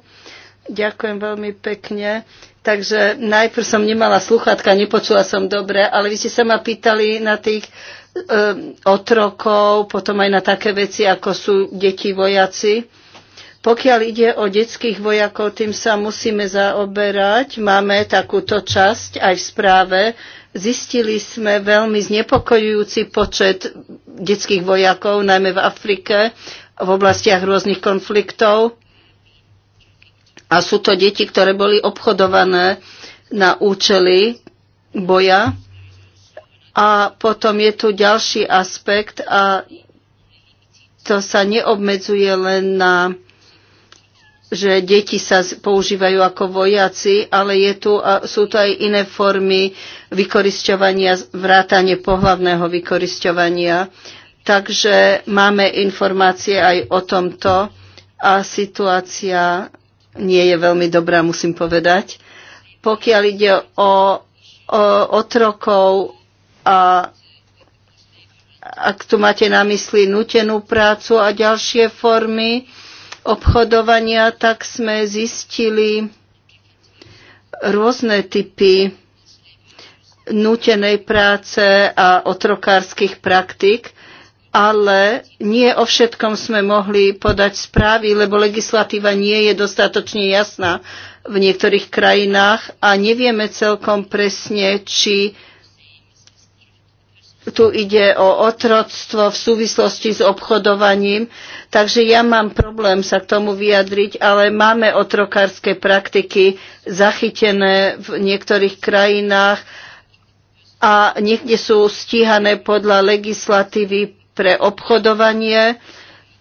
Ďakujem veľmi pekne. Takže najprv som nemala sluchátka, nepočula som dobre, ale vy ste sa ma pýtali na tých um, otrokov, potom aj na také veci, ako sú deti vojaci pokiaľ ide o detských vojakov, tým sa musíme zaoberať. Máme takúto časť aj v správe. Zistili sme veľmi znepokojujúci počet detských vojakov, najmä v Afrike, v oblastiach rôznych konfliktov. A sú to deti, ktoré boli obchodované na účely boja. A potom je tu ďalší aspekt a to sa neobmedzuje len na že deti sa používajú ako vojaci, ale je tu, sú tu aj iné formy vykorisťovania, vrátanie pohlavného vykorisťovania. Takže máme informácie aj o tomto a situácia nie je veľmi dobrá, musím povedať. Pokiaľ ide o, o otrokov a ak tu máte na mysli nutenú prácu a ďalšie formy, obchodovania, tak sme zistili rôzne typy nútenej práce a otrokárskych praktik, ale nie o všetkom sme mohli podať správy, lebo legislatíva nie je dostatočne jasná v niektorých krajinách a nevieme celkom presne, či tu ide o otroctvo v súvislosti s obchodovaním, takže ja mám problém sa k tomu vyjadriť, ale máme otrokárske praktiky zachytené v niektorých krajinách a niekde sú stíhané podľa legislatívy pre obchodovanie,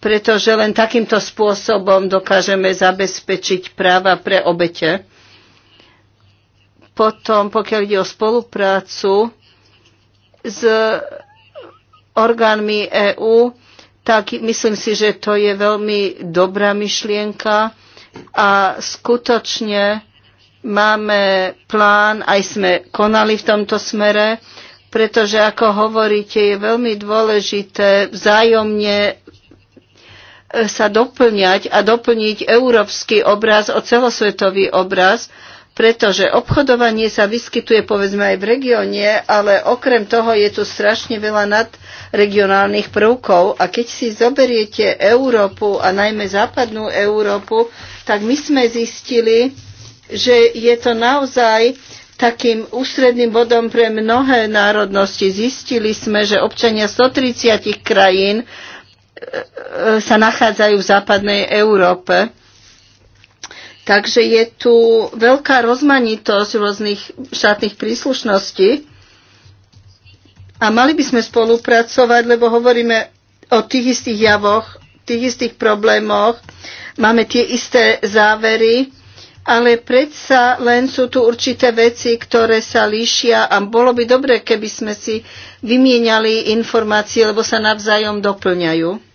pretože len takýmto spôsobom dokážeme zabezpečiť práva pre obete. Potom, pokiaľ ide o spoluprácu, s orgánmi EÚ, tak myslím si, že to je veľmi dobrá myšlienka a skutočne máme plán, aj sme konali v tomto smere, pretože ako hovoríte, je veľmi dôležité vzájomne e, sa doplňať a doplniť európsky obraz o celosvetový obraz pretože obchodovanie sa vyskytuje povedzme aj v regióne, ale okrem toho je tu strašne veľa nadregionálnych prvkov a keď si zoberiete Európu a najmä západnú Európu, tak my sme zistili, že je to naozaj takým ústredným bodom pre mnohé národnosti. Zistili sme, že občania 130 krajín e, e, sa nachádzajú v západnej Európe Takže je tu veľká rozmanitosť rôznych štátnych príslušností a mali by sme spolupracovať, lebo hovoríme o tých istých javoch, tých istých problémoch, máme tie isté závery, ale predsa len sú tu určité veci, ktoré sa líšia a bolo by dobre, keby sme si vymieniali informácie, lebo sa navzájom doplňajú.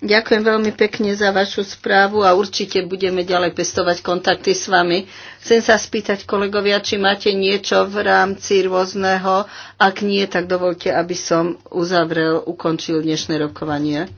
Ďakujem veľmi pekne za vašu správu a určite budeme ďalej pestovať kontakty s vami. Chcem sa spýtať kolegovia, či máte niečo v rámci rôzneho. Ak nie, tak dovolte, aby som uzavrel, ukončil dnešné rokovanie.